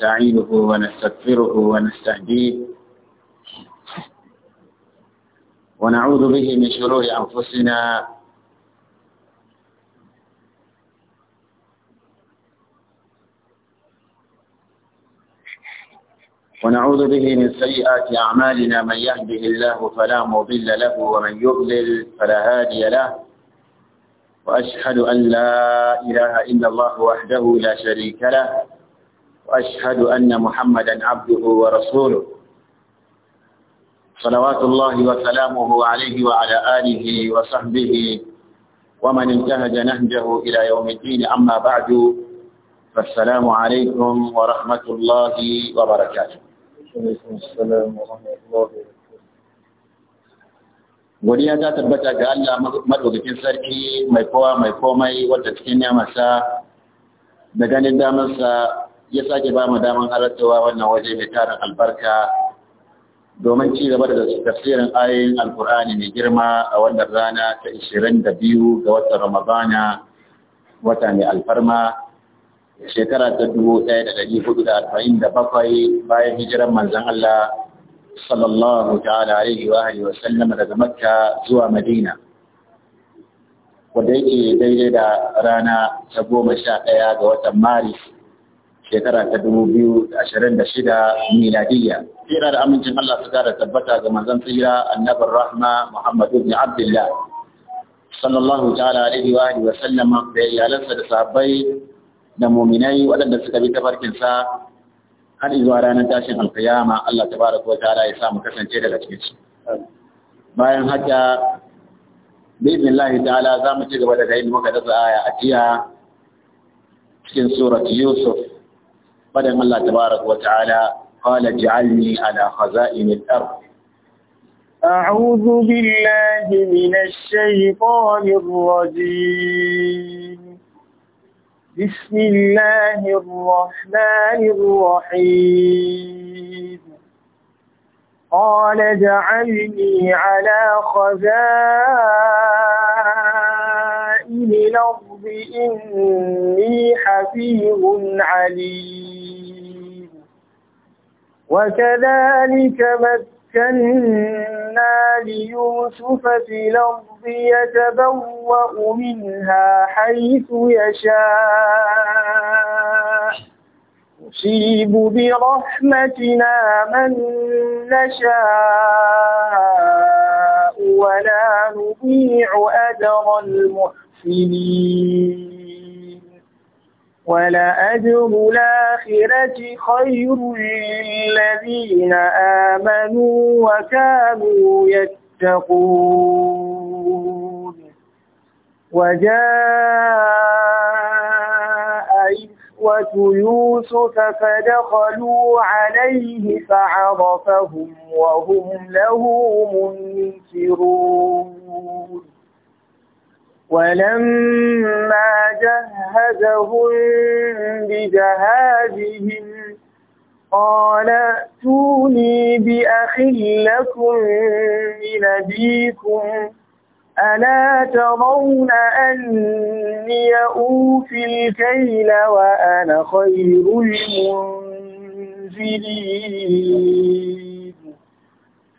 نستعينه ونستغفره ونستهديه ونعوذ به من شرور أنفسنا ونعوذ به من سيئات أعمالنا من يهده الله فلا مضل له ومن يضلل فلا هادي له وأشهد أن لا إله إلا الله وحده لا شريك له وأشهد أن محمدا عبده ورسوله صلوات الله وسلامه عليه وعلى آله وصحبه ومن انتهج نهجه إلى يوم الدين أما بعد فالسلام عليكم ورحمة الله وبركاته godiya ta tabbata ga Allah madaukakin sarki mai kowa mai komai wata cikin yamarsa da ganin damarsa ya sake ba mu daman halartawa wannan waje mai tarin albarka domin ci gaba da tafsirin ayoyin alkur'ani mai girma a wannan rana ta 22 ga watan ramadana wata mai alfarma shekara ta 1447 bayan hijiran manzan Allah sallallahu ta'ala alaihi wa alihi wa sallam daga Makka zuwa Madina wanda yake daidai da rana ta goma sha ɗaya ga watan Maris shekara ta dubu biyu da ashirin da shida miladiyya. Tsira da amincin Allah su da tabbata ga manzon tsira annabar rahma Muhammadu bin Abdullah. Sallallahu ta'ala alaihi wa alihi wa sallama da iyalansa da sahabbai da muminai waɗanda suka bi ta tafarkinsa har izuwa ranar tashin alkiyama Allah ta tabaraka wa ta'ala ya sa mu kasance daga cikin su. Bayan haka za mu ci gaba جدا ودى muka dasa aya a jiya cikin surat Yusuf ان الله تبارك وتعالى قال اجعلني على خزائن الأرض أعوذ بالله من الشيطان الرجيم بسم الله الرحمن الرحيم قال اجعلني على خزائن الأرض الأرض إني حفيظ عليم وكذلك مكنا ليوسف في الأرض يتبوأ منها حيث يشاء نصيب برحمتنا من نشاء ولا نضيع أجر المحسنين المحسنين ولأجر الآخرة خير للذين آمنوا وكانوا يتقون وجاء إخوة يوسف فدخلوا عليه فعرفهم وهم له منكرون ولما جهزهم بجهازهم قال ائتوني بأخ لكم من أبيكم ألا ترون أني أوفي الكيل وأنا خير المنزلين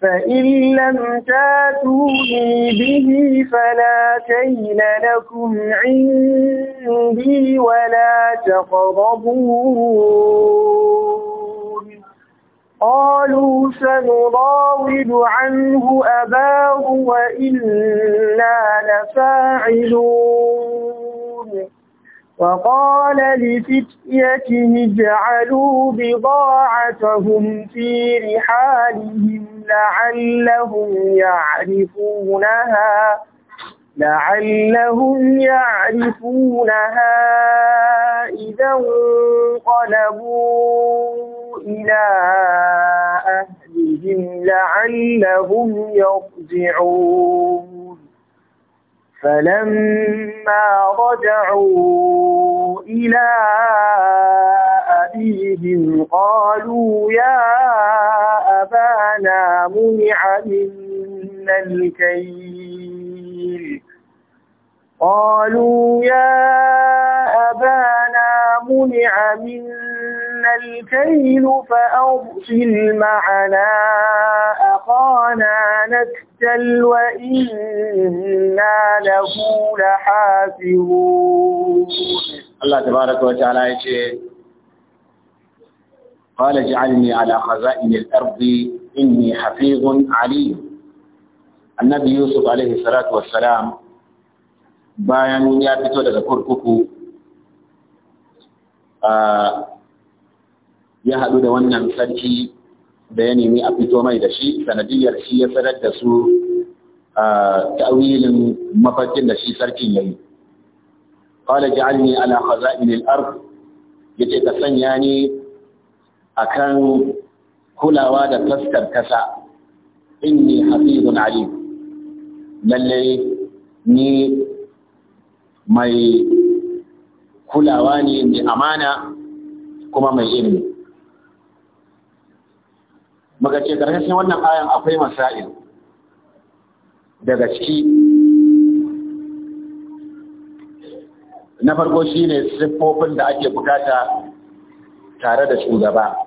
فإن لم تاتوني به فلا كيل لكم عندي ولا تقربون قالوا سنراود عنه أباه وإنا لفاعلون وقال لفتيته اجعلوا بضاعتهم في رحالهم لعلهم يعرفونها لعلهم يعرفونها إذا انقلبوا إلى أهلهم لعلهم يرجعون فلما رجعوا إلى أبيهم قالوا يا أبانا منع منا الكيل قالوا يا أبانا منع منا الكيل فأرسل معنا أخانا نكتل وإنا له لحافظون الله تبارك وتعالى يجيب قال اجعلني على خزائن الأرض إني حفيظ عليم annabi yusuf alaihi salatu wassalam bayan ya fito daga kurkuku ya haɗu da wannan sarki da ya nemi a fito mai da shi sanadiyar shi ya sanar da su ta'awilin mafarkin da shi sarkin ya yi qala ja'alni ala khaza'in al-ard yace ka sanya ni akan kulawa da fuskar kasa inni hafizun alim lalle ni mai kulawa ne mai amana kuma mai ilimi muka ce karkashin wannan ayan akwai masail daga ciki na farko shine siffofin da ake bukata tare da shugaba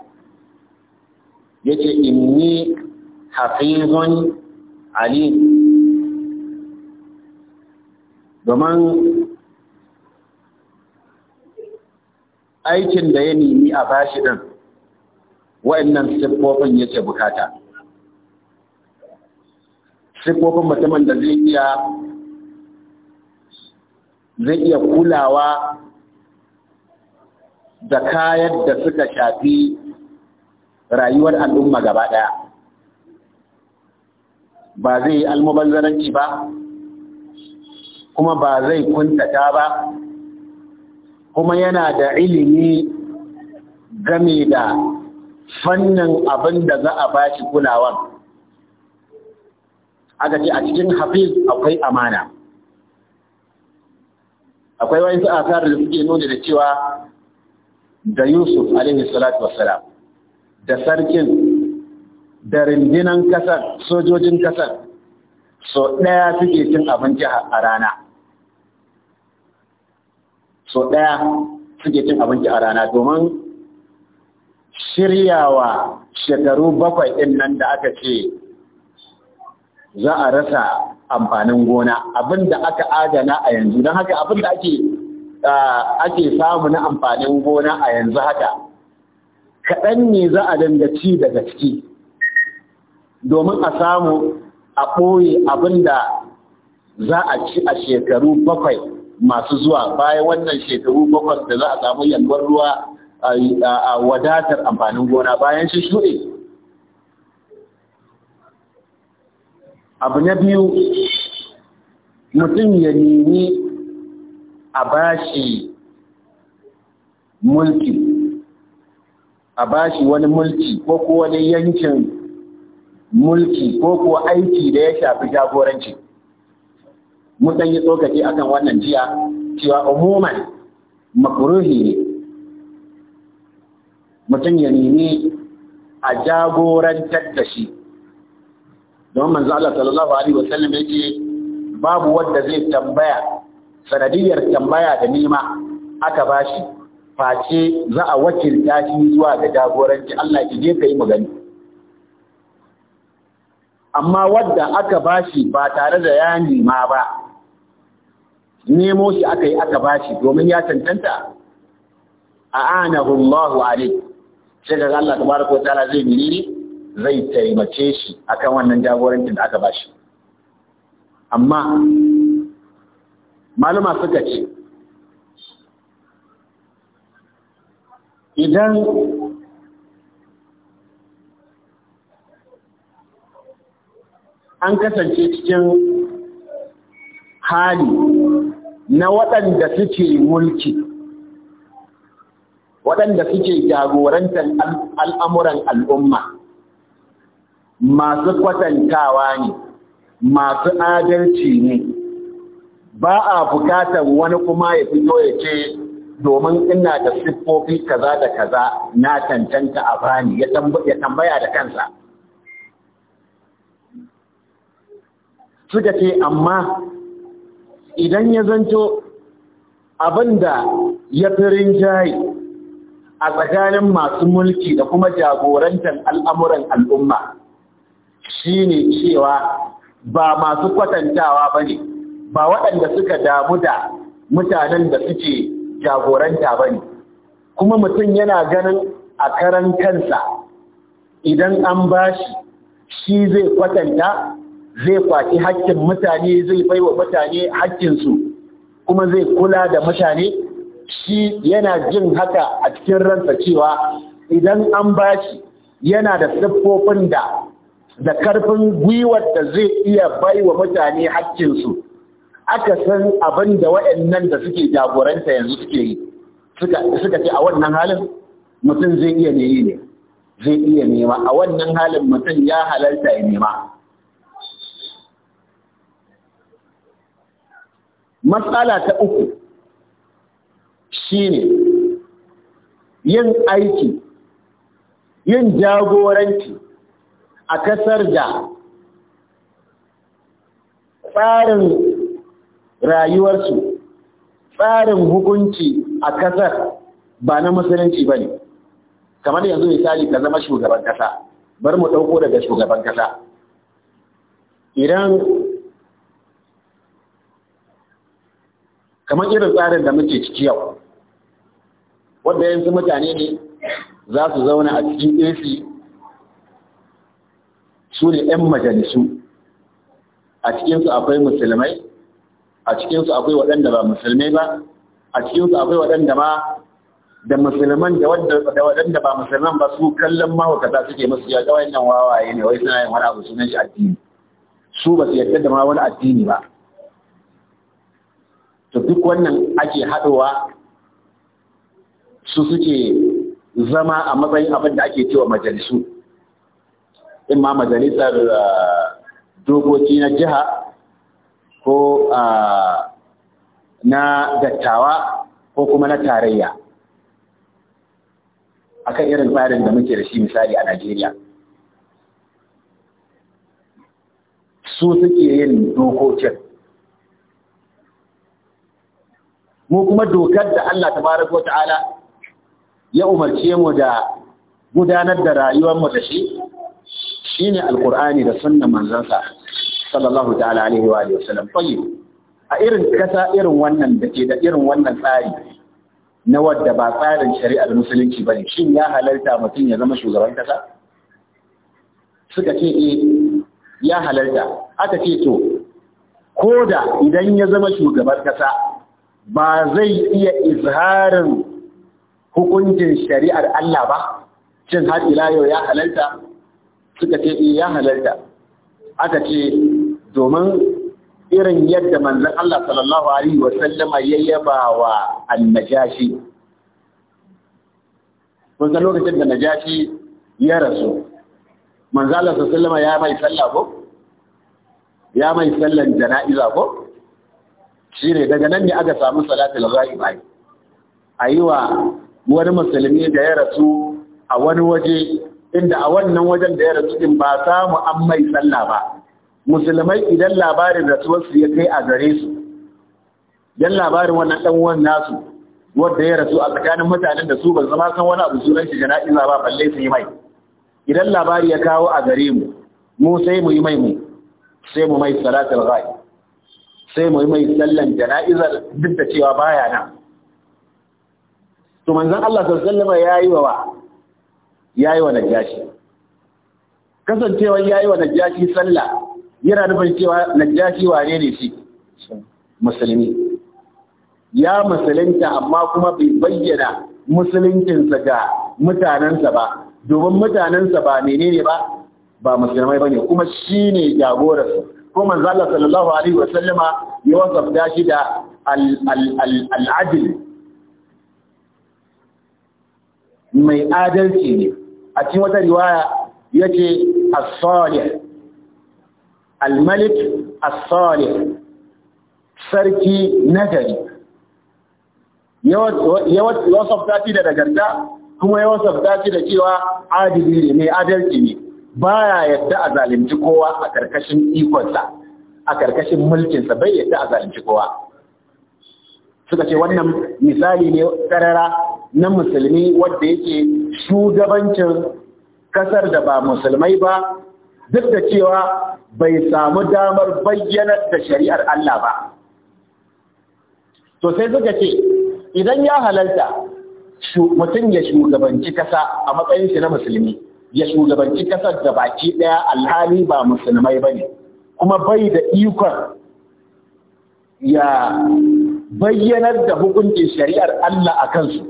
yake inni hafizun ali domin aikin da ya nemi a bashi ɗin wa'annan siffofin yake bukata siffofin mutumin da zai iya kulawa da kayan da suka shafi rayuwar al'umma gaba ɗaya. Ba zai yi almubanzananci ba, kuma ba zai kuntata ba, kuma yana da ilimi game da fannin abin da za a bashi kulawan. Aka ce a cikin hafiz akwai amana. Akwai wani su'asar da suke nuna da cewa da Yusuf alaihi salatu wassalam da sarkin da rindinan kasar sojojin kasar so ɗaya suke cin abinci a rana so ɗaya suke cin abinci a rana domin shiryawa shekaru bakwai ɗin nan da aka ce za a rasa amfanin gona abin da aka adana a yanzu don haka abin da ake ake samu na amfanin gona a yanzu haka kaɗan ne za a dinga ci daga ciki domin a samu a ɓoye abin da za a ci a shekaru bakwai masu zuwa bayan wannan shekaru bakwai da za a samu yalwar ruwa a wadatar amfanin gona bayan shi shuɗe. Abu na biyu, mutum ya nemi a bashi mulki a bashi wani mulki ko ko wani yankin mulki ko ko aiki da ya shafi jagoranci mun dan yi tsokaci akan wannan jiya cewa umuman makruhi ne mutum ya nemi a jagorantar da shi don manzo Allah sallallahu alaihi wasallam yake babu wanda zai tambaya sanadiyar tambaya da nema aka ba shi face za a wakilta shi zuwa ga jagoranci Allah ya je ka yi magani amma wadda aka ba shi ba tare da ya nema ba nemo shi aka yi aka bashi domin ya cancanta a anahu Allahu alaihi sai ga Allah tabaraka wa ta'ala zai miri zai taimace shi akan wannan jagorancin da aka ba shi, amma malama suka ce idan an kasance cikin hali na waɗanda suke mulki waɗanda suke jagorantar al'amuran al'umma masu kwatantawa ne masu adalci ne ba a bukatar wani kuma ya fito ya ce domin ina da siffofi kaza da kaza na cancanta a bani ya tambaya da kansa suka ce amma idan ya zanto abin da ya fi rinjaye a tsakanin masu mulki da kuma jagorantar al'amuran al'umma shi ne cewa ba masu kwatantawa ba ne ba waɗanda suka damu da mutanen da suke jagoranta ba ne kuma mutum yana ganin a karan kansa idan an bashi shi zai kwatanta zai kwaci hakkin mutane zai baiwa mutane hakkinsu kuma zai kula da mutane shi yana jin haka a cikin ransa cewa idan an bashi yana da siffofin da da karfin gwiwar da zai iya baiwa mutane hakkinsu aka san abin da waɗannan da suke jagoranta yanzu suke yi suka ce a wannan halin mutum zai iya ne ne zai iya nema a wannan halin mutum ya halarta ya nema matsala ta uku shine yin aiki yin jagoranci a kasar da tsarin rayuwarsu tsarin hukunci a kasar ba na musulunci ba ne kamar yanzu misali ka zama shugaban kasa bar mu ɗauko daga shugaban kasa idan kamar irin tsarin da muke ciki yau wadda yanzu mutane ne za su zauna a cikin ac su ne 'yan majalisu a cikinsu akwai musulmai a cikinsu akwai waɗanda ba musulmai ba a cikinsu akwai waɗanda ma da musulman da waɗanda ba musulman ba su kallon mahaukata suke musu ya kawai nan wawaye ne wai suna yin wani abu sunan shi addini su ba su yarda da ma wani addini ba to duk wannan ake haɗowa su suke zama a matsayin abin da ake cewa majalisu in ma majalisar ah, dokoki na jiha ko na dattawa ko kuma na tarayya akan irin tsarin da muke da shi misali a Najeriya. Su suke yin dokokin. Mu kuma dokar da Allah ta ko ta'ala ya umarce mu da gudanar da rayuwar mu da shi, shi ne Alƙur'ani da sunan manzansa sallallahu ta'ala alaihi wa alihi wasallam a irin kasa irin wannan da ke da irin wannan tsari na wadda ba tsarin shari'ar musulunci bane shin ya halarta mutum ya zama shugaban kasa suka ce eh ya halarta aka ce to ko da idan ya zama shugaban kasa ba zai iya izharin hukuncin shari'ar Allah ba shin har ila yau ya halarta suka ce eh ya halarta aka ce domin irin yadda manzan Allah sallallahu alaihi wa sallama ya yaba wa annajashi kun san lokacin da najashi ya rasu manzan Allah sallallahu alaihi sallama ya mai sallah ko ya mai sallan jana'iza ko Shi ne daga nan ne aka samu salatul A yi wa wani musulmi da ya rasu a wani waje inda a wannan wajen da ya rasu din ba samu an mai sallah ba musulmai idan labarin rasuwarsu ya kai a gare su don labarin wannan dan uwan nasu wanda ya rasu a tsakanin mutanen da su ba zama san wani abu sunan shi jana'iza ba balle su yi mai idan labari ya kawo a gare mu mu sai mu yi mai mu sai mu mai salatul ghaib sai mu yi mai sallan jana'izar duk da cewa baya nan to manzon Allah sallallahu alaihi wasallam yayi wa yayi wa najashi kasancewa yayi wa najashi sallah yana nufin cewa najashi wane ne shi musulmi ya musulunta amma kuma bai bayyana musuluncinsa ga mutanensa ba domin mutanensa ba menene ba ba musulmai bane kuma shine jagoransu ko manzo Allah sallallahu alaihi wa sallama ya wasafta shi da al-adl mai adalci ne a cikin wata riwaya yace as-salih al-malik as-salih sarki nagari yawan wasafta da nagarta kuma yawan wasafta da cewa adili ne mai adalci ne baya yadda a zalunci kowa a karkashin ikonsa a karkashin sa bai yadda a zalunci kowa suka ce wannan misali ne karara na musulmi wadda yake shugabancin kasar da ba musulmai ba duk da cewa bai samu damar bayyanar da shari'ar Allah ba to sai suka ce idan ya halarta mutum ya shugabanci ƙasa a matsayin shi na musulmi ya shugabanci kasar da baki ɗaya, alhali ba musulmai ba ne, kuma bai da ikon ya bayyanar da hukuncin shari'ar Allah a kansu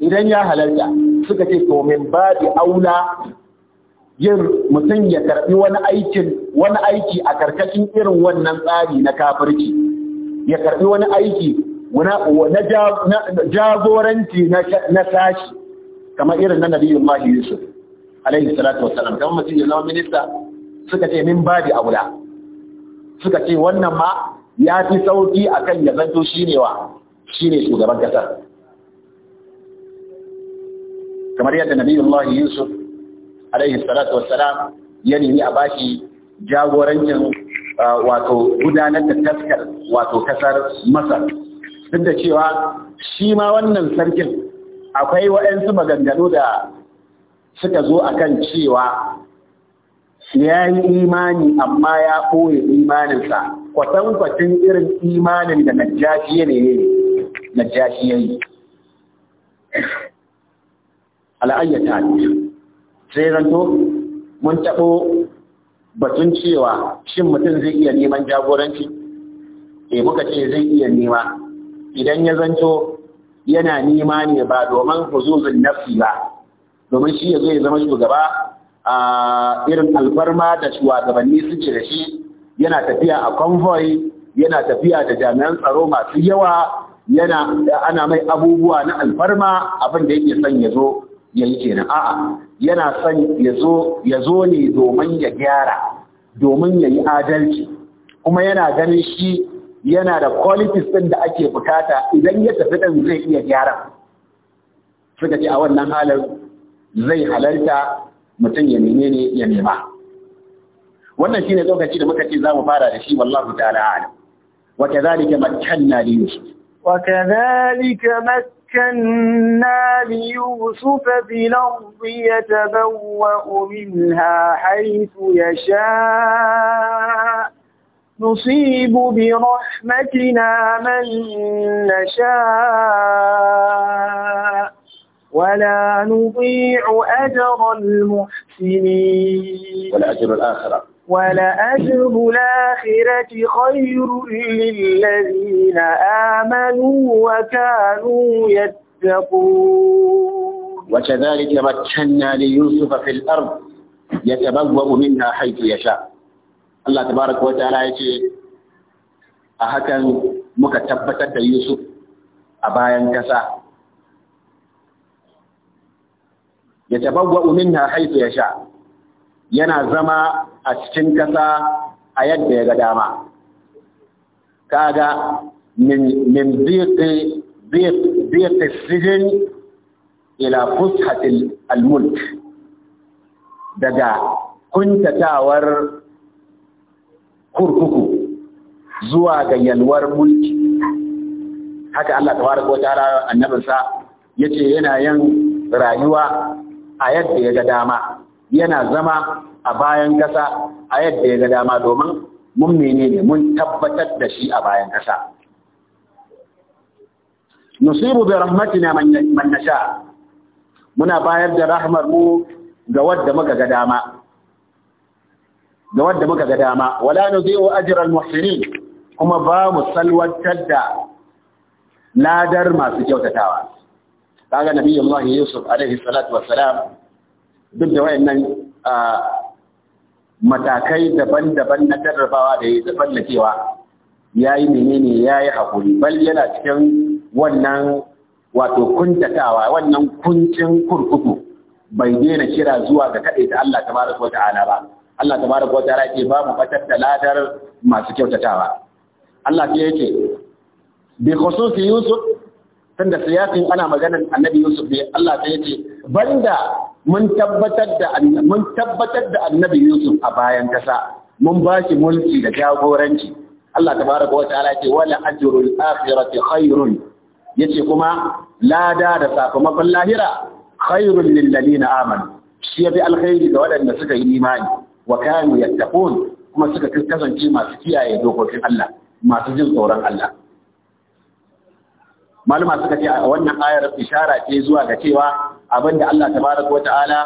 idan ya halarta suka ce to min babi aula yin mutum ya karɓi wani aikin wani aiki a karkashin irin wannan tsari na kafirci ya karɓi wani aiki na jagoranci na sashi kamar irin na nabiyun mahi yusuf alaihi salatu wasalam kamar mutum ya zama minista suka ce min babi aula suka ce wannan ma ya fi sauki kan ya zanto ne wa ne shugaban kasar kamar yadda nabiyun mahi yusuf alaihi salatu wassalam ya nemi a bashi jagorancin wato gudanar da taskar wato kasar masar duk da cewa shi ma wannan sarkin akwai waɗansu maganganu da suka zo a kan cewa ya yi imani amma ya ɓoye imaninsa kwatankwacin irin imanin da najashi ne najashi ya yi al'ayyata ne sai zanto mun taɓo batun cewa shin mutum zai iya neman jagoranci e muka ce zai iya nema idan ya zanto yana nema ne ba domin huzuzin nafsi ba domin shi ya zai zama shugaba a irin alfarma da shugabanni suke da shi yana tafiya a convoy yana tafiya da jami'an tsaro masu yawa yana ana mai abubuwa na alfarma abin da yake son ya zo yayi kenan a'a yana son ya zo ne domin ya gyara domin ya yi adalci kuma yana ganin shi yana da qualities ɗin da ake bukata idan ya tafi ɗin zai iya gyara suka ce a wannan halin zai halarta mutum ya neme ne ya nema wannan shine tsokaci da muka ce za mu fara da shi wallahu ta'ala wa kadhalika makkanna li yusuf wa kadhalika makkanna مكنا ليوسف في الأرض يتبوأ منها حيث يشاء نصيب برحمتنا من نشاء ولا نضيع أجر المحسنين والأجر الآخرة ولأجر الآخرة خير للذين آمنوا وكانوا يتقون وكذلك مكنا ليوسف في الأرض يتبوأ منها حيث يشاء الله تبارك وتعالى يقول أهكا مكتبتك يوسف أبايا كسا يتبوأ منها حيث يشاء yana zama a cikin kasa a yadda ya ga dama kaga min zirte sijin ila fushatil almulk daga kuntatawar kurkuku zuwa ga yalwar mulki haka Allah ta tabaraka tara annabinsa yace yana yin rayuwa a yadda ya ga dama yana zama a bayan kasa a yadda ya ga dama domin mun menene mun tabbatar da shi a bayan kasa nusibu bi rahmatina man nasha muna bayar da rahmar mu ga wadda muka ga dama ga wadda muka ga dama wala nuzi'u ajral muhsinin kuma ba mu salwantar da ladar masu kyautatawa kaga nabiyullahi yusuf alaihi salatu wassalam duk da wayannan matakai daban-daban na jarrabawa da ya cewa ya yi menene ya yi haƙuri bal yana cikin wannan wato kuntatawa wannan kuncin kurkuku bai daina kira zuwa ga kaɗai da Allah tabaraka wa ba Allah tabaraka wa ta'ala ke ba mu da ladar masu kyautatawa Allah ya ce bi khususi Yusuf tunda siyasin ana maganar annabi Yusuf ne Allah sai yace banda mun tabbatar da mun tabbatar da annabi Yusuf a bayan kasa mun ba shi mulki da jagoranci Allah tabaraka wa ta'ala ce wala ajrul akhirati khairun yace kuma lada da sakamakon lahira khairun lil ladina amanu shi yafi alkhairi ga waɗanda suka yi imani wa kanu yattaqun kuma suka kasance masu kiyaye dokokin Allah masu jin tsoron Allah malama suka ce a wannan ayar ishara ce zuwa ga cewa abinda Allah tabaraka wata'ala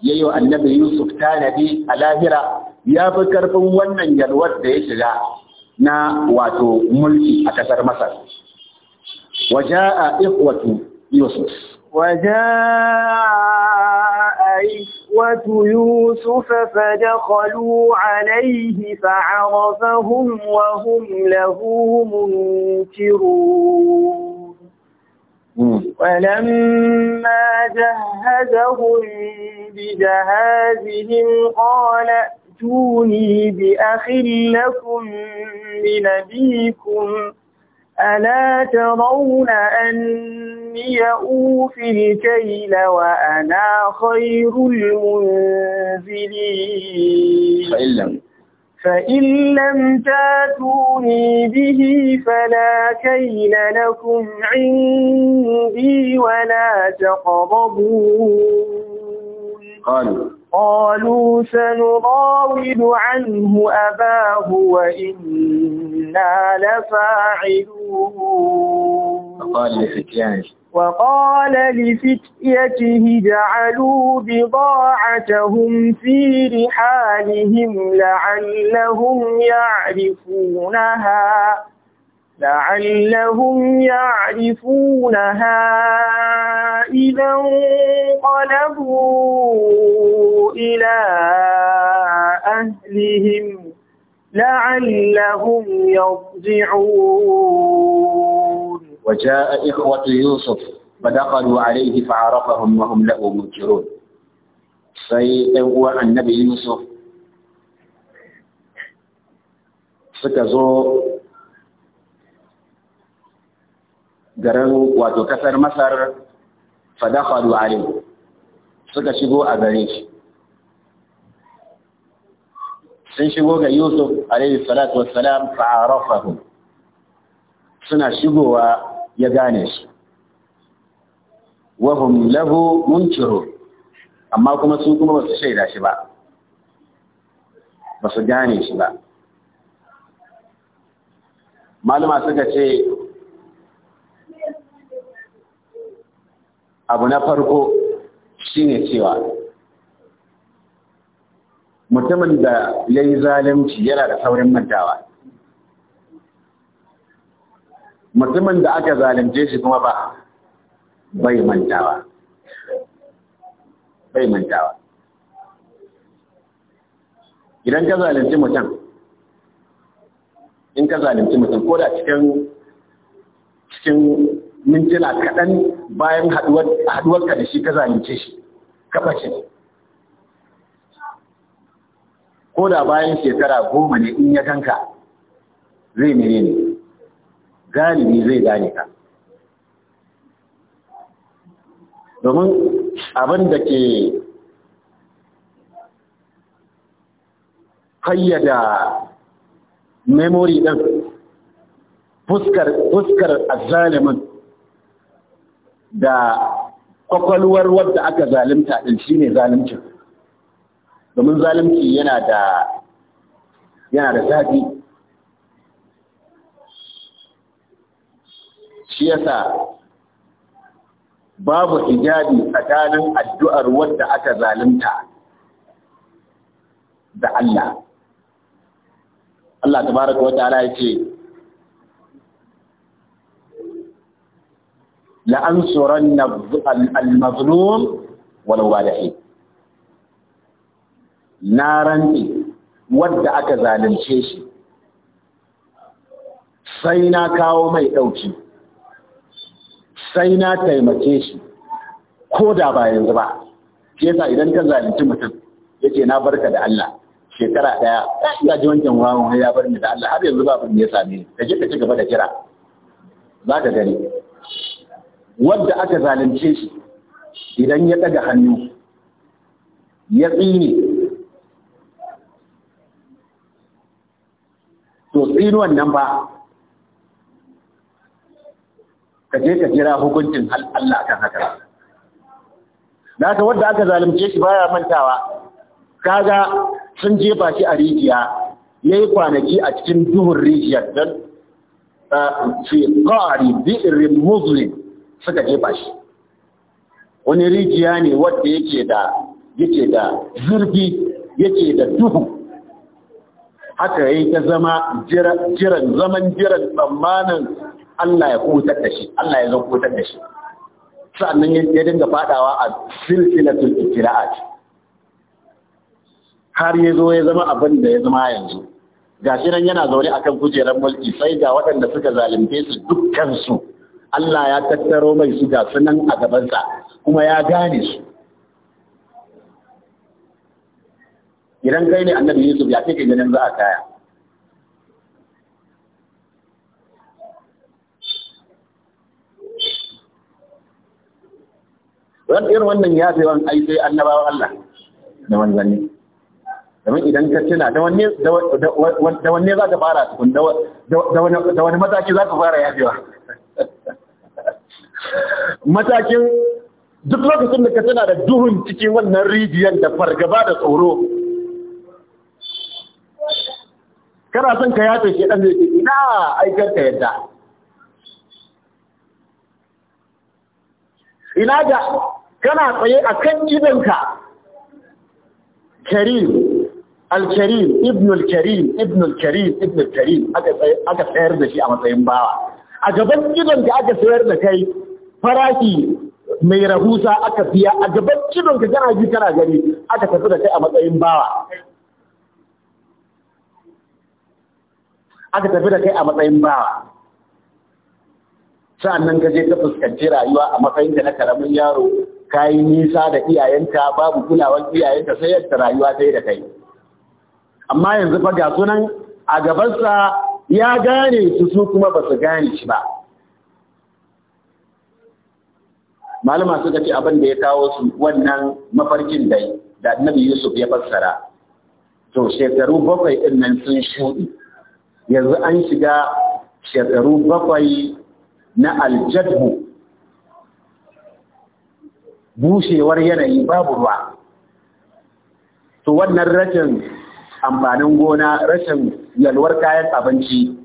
yayi wa annabi Yusuf tanadi a lahira ya fi karfin wannan yalwar da ya shiga na wato mulki a kasar Masar waja'a ikhwatu Yusuf وجاء alaihi يوسف فدخلوا عليه wa hum له منكرون ولما جهزهم بجهازهم قال ائتوني بأخ لكم من أبيكم ألا ترون أني أوفي الكيل وأنا خير المنزلين فإن لم تاتوني به فلا كيل لكم عندي ولا تقربون قالوا قالوا سنراود عنه أباه وإنا لفاعلون وقال لفتيانه وقال لفتيته جعلوا بضاعتهم في رحالهم لعلهم يعرفونها لعلهم يعرفونها إذا انقلبوا إلى أهلهم لعلهم يرجعون وجاء إخوة يوسف فدخلوا عليه فعرفهم وهم له مجرون sai ɗan uwan annabi suka zo garin wato ƙasar Masar fadakhalu suka shigo a gare shi sun shigo ga Yusuf alayhi salatu wassalam suna shigowa ya gane su Wahum lahu ciro, amma kuma su kuma ba shaida shi ba ba gane shi ba malama suka ce abu na farko shine cewa mutumin da ya yi zalunci yana da saurin mantawa mutumin da aka zalunce shi kuma ba bai mantawa bai mantawa idan ka zalunci mutum in ka zalunci mutum ko da cikin cikin mintuna kaɗan bayan haɗuwarka da shi ka zalunce shi kafa shi, ko da bayan shekara goma ne in ya kanka zai mene ne galibi zai gane ka domin abin da ke fayyada memory ɗin fuskar azalimin da kwakwalwar wadda aka zalimta ɗin shi ne zalimcin domin zalimci yana da zafi shi yasa babu hijabi tsakanin addu'ar wanda aka zalunta da Allah Allah tabaraka wa ta'ala yace la ansuranna al-mazlum walau walahi naran wanda aka zalunce shi sai na kawo mai ɗauki sai na taimake shi ko da ba yanzu ba shi yasa idan ka zalunci mutum yace na barka da Allah shekara daya ya ji wancan wawan ya bar ni da Allah har yanzu ba abin ya same ni kaje ka ci gaba da kira za ka gani wanda aka zalunce shi idan ya daga hannu ya tsini, to tsinuwan nan ba ka je ka jira hukuncin Allah kan haka da ka wanda aka zalunce shi baya mantawa kaga sun jefa shi a rijiya yayi kwanaki a cikin duhun rijiyar dan fi qari suka jefa shi wani rijiya ne wanda yake da yake da zurfi yake da duhu haka yayi ta zama jiran zaman jiran tsammanin Allah ya kubutar da shi Allah ya zan kubutar da shi ya dinga fadawa a silsilatul ibtila'at har ya zo ya zama abin da ya zama yanzu gashi nan yana zaune akan kujerar mulki sai ga waɗanda suka zalunce su dukkan su Allah ya tattaro mai su ga sunan a gabansa kuma ya gane su idan kai ne annabi Yusuf ya kake ganin za a kaya don irin wannan ya fi wani ai sai annabawan Allah da manzanni domin idan ka tuna da wanne da za ka fara tukun da wani mataki za ka fara yafewa matakin duk lokacin da ka tuna da duhun cikin wannan rijiyar da fargaba da tsoro kana son ka yafe shi ɗan zai ina aikar ka yadda ina ga kana tsaye a kan idonka karim al-karim ibn karim ibnul karim ibnul karim aka tsayar da shi a matsayin bawa a gaban idonka aka tsayar da kai farashi mai rahusa aka biya a gaban idonka kana ji kana gani aka tafi da kai a matsayin bawa aka tafi da kai a matsayin bawa sa'annan ka je ta fuskanci rayuwa a matsayin da na karamin yaro ka yi nisa da iyayenta babu kulawar iyayenta sai yadda rayuwa ta yi da kai amma yanzu fa ga sunan a gabansa ya gane su su kuma ba su gane shi ba malama suka ce abin da ya kawo su wannan mafarkin dai da annabi yusuf ya fassara to shekaru bakwai ɗin nan sun shuɗi yanzu an shiga shekaru bakwai na aljadhu bushewar yanayi babu ruwa to wannan rashin amfanin gona rashin yalwar kayan abinci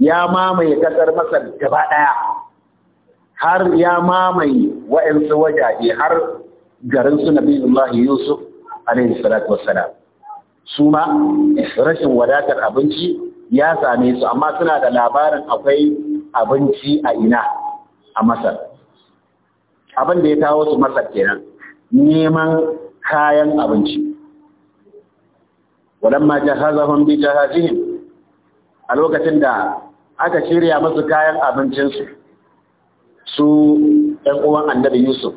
ya mamaye kasar masar gaba ɗaya har ya mamaye wa'yansu wajaje har garin su nabiyullahi yusuf nan salatu wassalam su ma rashin wadatar abinci ya same su amma suna da labarin akwai abinci a ina a masar abin da ya kawo su masa kenan neman kayan abinci walamma jahazahum bi jahazihim a lokacin da aka shirya musu kayan abincinsu su ɗan uwan annabi Yusuf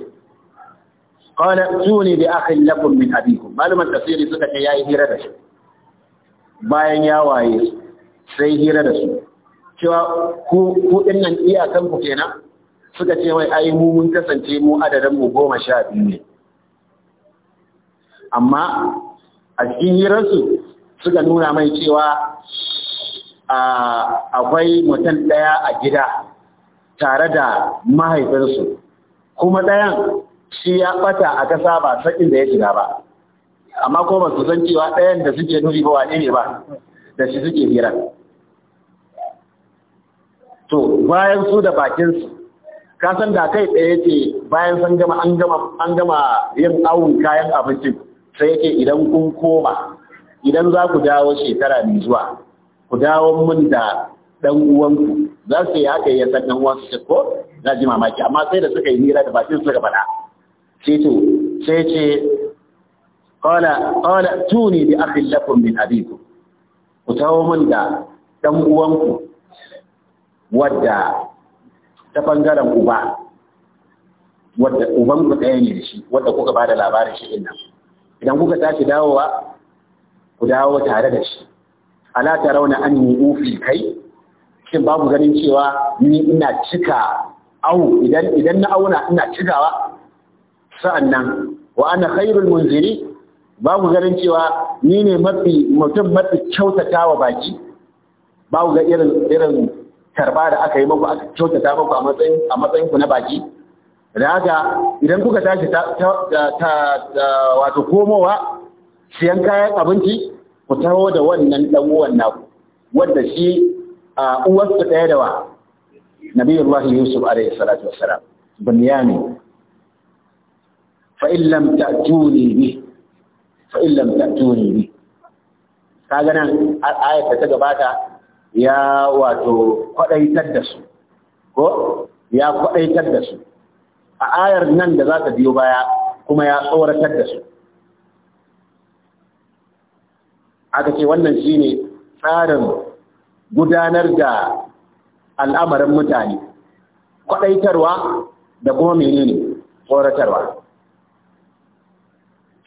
qala tuni aka yi lafin min da su tafsiri suka ce yi hira da shi bayan ya waye sai hira da su cewa ku ɗin nan iya ku kenan suka ce mai ai mu mun kasance mu adadin mu goma sha biyu ne amma a cikin hirarsu suka nuna mai cewa akwai mutum ɗaya a gida tare da mahaifinsu kuma ɗayan shi ya ɓata a ƙasa ba sakin da ya shiga ba amma ko ba su san cewa ɗayan da suke nuri ba wane ne ba da shi suke hira to bayan su da bakinsu ka san da kai tsaye ce bayan san gama an gama an gama yin awun kayan abincin sai yake idan kun koma idan za ku dawo shekara mai zuwa ku dawo mun da dan uwanku za su yi haka ya san dan uwansu ce ko na ji mamaki amma sai da suka yi hira da bakin suka faɗa sai to sai ce qala qala tuni bi akhil lakum min abikum ku tawo mun da dan uwanku wadda ta bangaren uba wadda uban ku ɗaya ne da shi wadda kuka ba da labarin shi idan kuka tashi dawowa ku dawo tare da shi ala an yi ufi kai shin babu ganin cewa ni ina cika au idan idan na auna ina cikawa sa'annan wa ana khairul munziri babu ganin cewa ni ne mafi mutum mafi kyautatawa baki babu ga irin irin karba da aka yi muku aka kyautata muku a matsayin a matsayin ku na baki da haka idan kuka tashi ta wato komowa siyan kayan abinci ku taho da wannan dan uwan naku wanda shi uwarsa ɗaya da wa Allah yusuf alayhi salatu wassalam bunyani fa in lam ta'tuni bi fa in lam ta'tuni bi kaga nan ayat ta gabata ya wato kwaɗaitar da su ko ya kwaɗaitar da su a ayar nan da za ta biyo baya kuma ya tsoratar da su aka ce wannan shine tsarin gudanar da al'amarin mutane kwaɗaitarwa da kuma menene tsoratarwa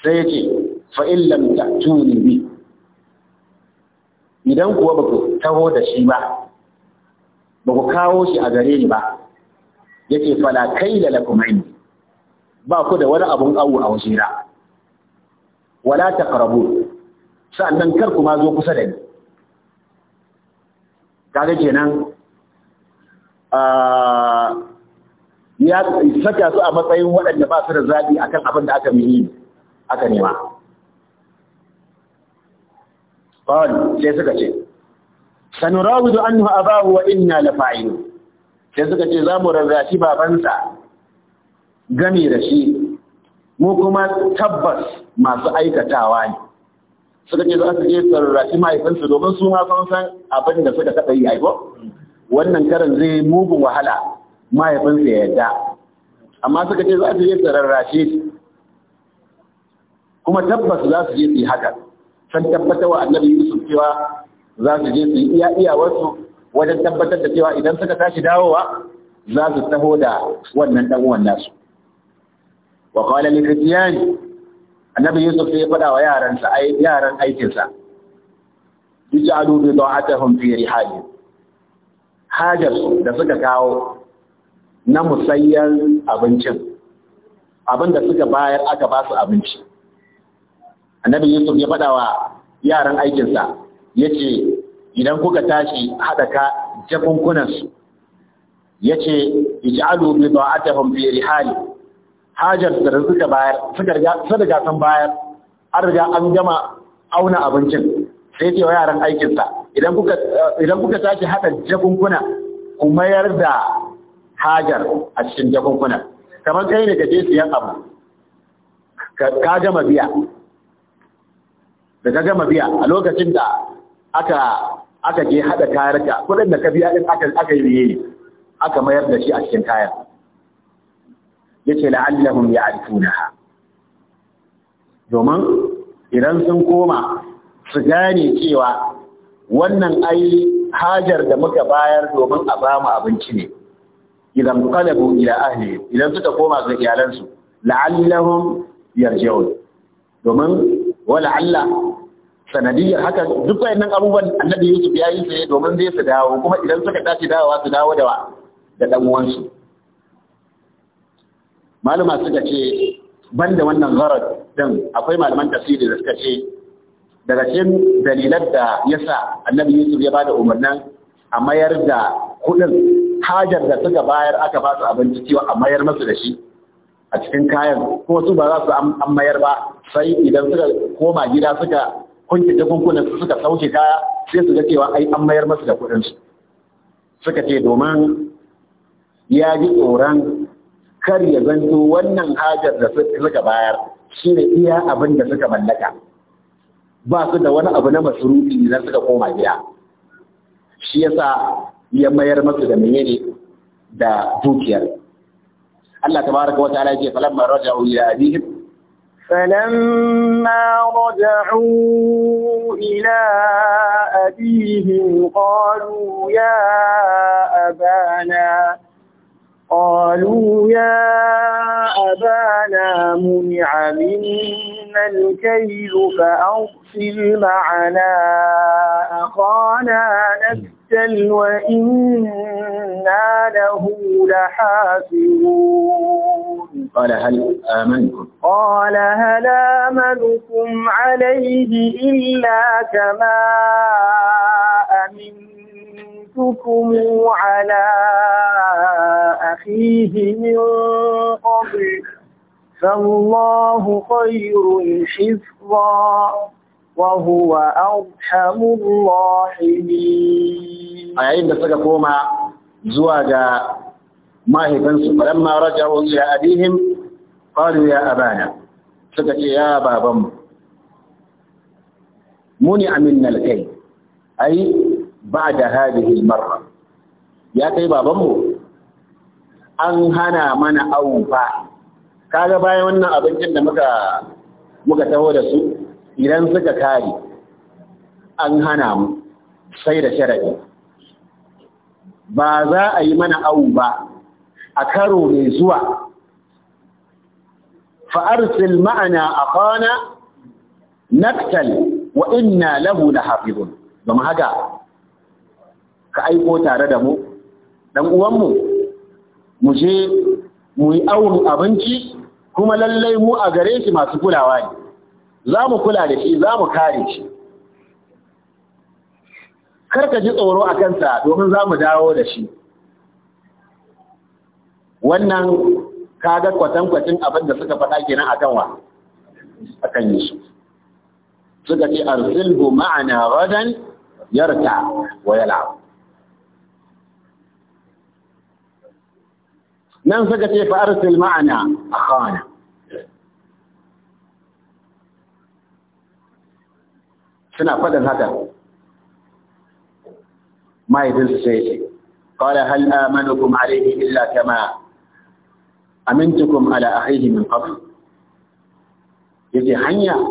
sai ya ce fa'in lam tuni bi idan kuwa ba ku taho da shi ba ba ku kawo shi a gare ni ba yake fala kai da lakumai ba ku da wani abun awu a wajera wala ta karabu sa'annan kar kuma zo kusa da ni kaga kenan ya saka su a matsayin waɗanda ba su da zaɓi akan abin da aka aka nema qalu sai suka ce sanurawidu anhu abahu wa inna lafa'ilu sai suka ce za zamu rarrashi babansa gami da shi mu kuma tabbas masu aikatawa ne suka ce za su je sarrafi mahaifinsu domin su ma sun san abin da suka taɓa yi aiko wannan karan zai mugun wahala mahaifinsu ya yadda amma suka ce za su je sararrashe kuma tabbas za su je su yi hakan. sun tabbatar wa annabi Yusuf cewa za su je su iya iya iyawarsu wajen tabbatar da cewa idan suka tashi dawowa za su taho da wannan dan uwan nasu wa qala li annabi Yusuf sai ya faɗa wa sa ai yaran aikinsa bi bida'atahum fi rihaji hajar da suka kawo na musayyar abincin abin da suka bayar aka ba su abinci annabi yusuf ya faɗa wa yaran aikinsa ya ce idan kuka tashi haɗa ka jakunkunansu ya ce ij'alu bi da'atahum fi rihali hajar da suka bayar suka riga sun bayar an riga an gama auna abincin sai ce wa yaran aikinsa idan kuka idan kuka tashi haɗa jakunkuna ku mayar da hajar a cikin jakunkuna kamar kai ne ka je siyan abu ka gama biya Daga gama biya a lokacin da aka aka je hada kayarka kudin da ka biya din aka aka yi aka mayar da shi a cikin kayan yace la'allahum ya'rifunaha domin idan sun koma su gane cewa wannan ai hajar da muka bayar domin a ba mu abinci ne idan qalabu ila ahli idan suka koma ga iyalansu la'allahum yarji'un domin wala Allah sanadiyar haka duk wayannan abubuwan annabi Yusuf ya yi su domin zai su dawo kuma idan suka dace dawowa su dawo da da dan uwansu maluma suka ce banda wannan zarar din akwai malaman tafsiri da suka ce daga cikin dalilan da yasa annabi Yusuf ya bada umarnin a mayar da kuɗin hajar da suka bayar aka ba su abinci cewa a mayar masu da shi a cikin kayan ko su ba za su an mayar ba sai idan suka koma gida suka kunki da kunkunan su suka sauke kaya sai su ga cewa ai an mayar masu da kuɗin su suka ce domin ya ji tsoron kar ya zanto wannan hajar da suka bayar shi ne iya abin da suka mallaka ba su da wani abu na masurufi idan suka koma gida shi yasa ya mayar masu da menene da dukiyar Allah tabaraka wa ta'ala yake falamma raja'u ila abihim فلما رجعوا إلى أبيهم قالوا يا أبانا قالوا يا أبانا منع منا الكيل فأرسل معنا أخانا نبتل وإنا له لحافظون قال هل آمنكم قال هل آمنكم عليه إلا كما أمنتكم على أخيه من قبل فالله خير حفظا وهو أرحم الراحمين أيين دسك كوما زواجا ما هي بنس فلما رجعوا إلى أبيهم قالوا يا أبانا سكت يا بابا منع منا الكي أي بعد هذه المرة يا كي بابا أنهنا من أوفا kaga bayan wannan abincin da muka muka taho da su idan suka kare an hana mu sai da sharadi ba za a yi mana awu ba a karo mai zuwa fa'arsil ma'ana a kwana naktal wa inna lahu na hafizun mu haka ka aiko tare da mu ɗan uwanmu mu je mu yi awon abinci kuma lallai mu a gare shi masu kulawa ne za mu kula da shi za mu kare shi karka ji tsoro a kansa domin za mu dawo da shi wannan kaga kwatankwacin abin da suka faɗa kenan akan a akan yusuf suka ce arzilhu ma'ana radan yarta wa yalawa ننفقتي فأرسل معنا أخانا شنا فضل هذا ما يدل سيسي قال هل آمنكم عليه إلا كما أمنتكم على أخيه من قبل يجي حنيا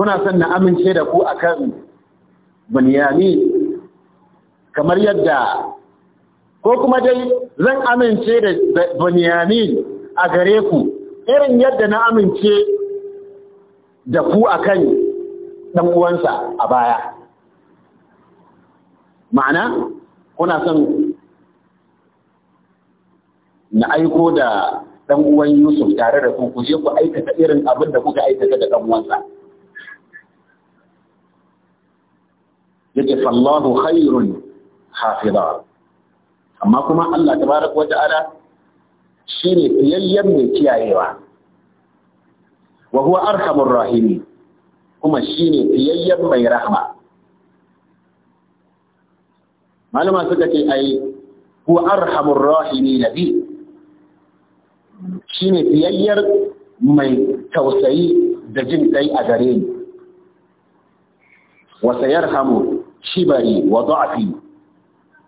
هنا سنة أمن شركو أكام بنيامين kamar yadda ko kuma dai zan amince da Bunyamin a gare ku irin yadda na amince da ku akan kan ɗan’uwansa a baya ma'ana kuna son na aiko da ɗan'uwan Yusuf tare da ku ku je ku aikata irin abin da kuka aikata da ɗan'uwansa. uwansa yake fallahu khairun hafiza amma kuma Allah tabaraka wa ta'ala shine fiyayyen mai kiyayewa wa huwa arhamur rahimi kuma shine fiyayyen mai rahma malama suka ce ai huwa arhamur rahimi nabi shine fiyayyar mai tausayi da jin kai a gare ni wa sayarhamu shibari wa da'fi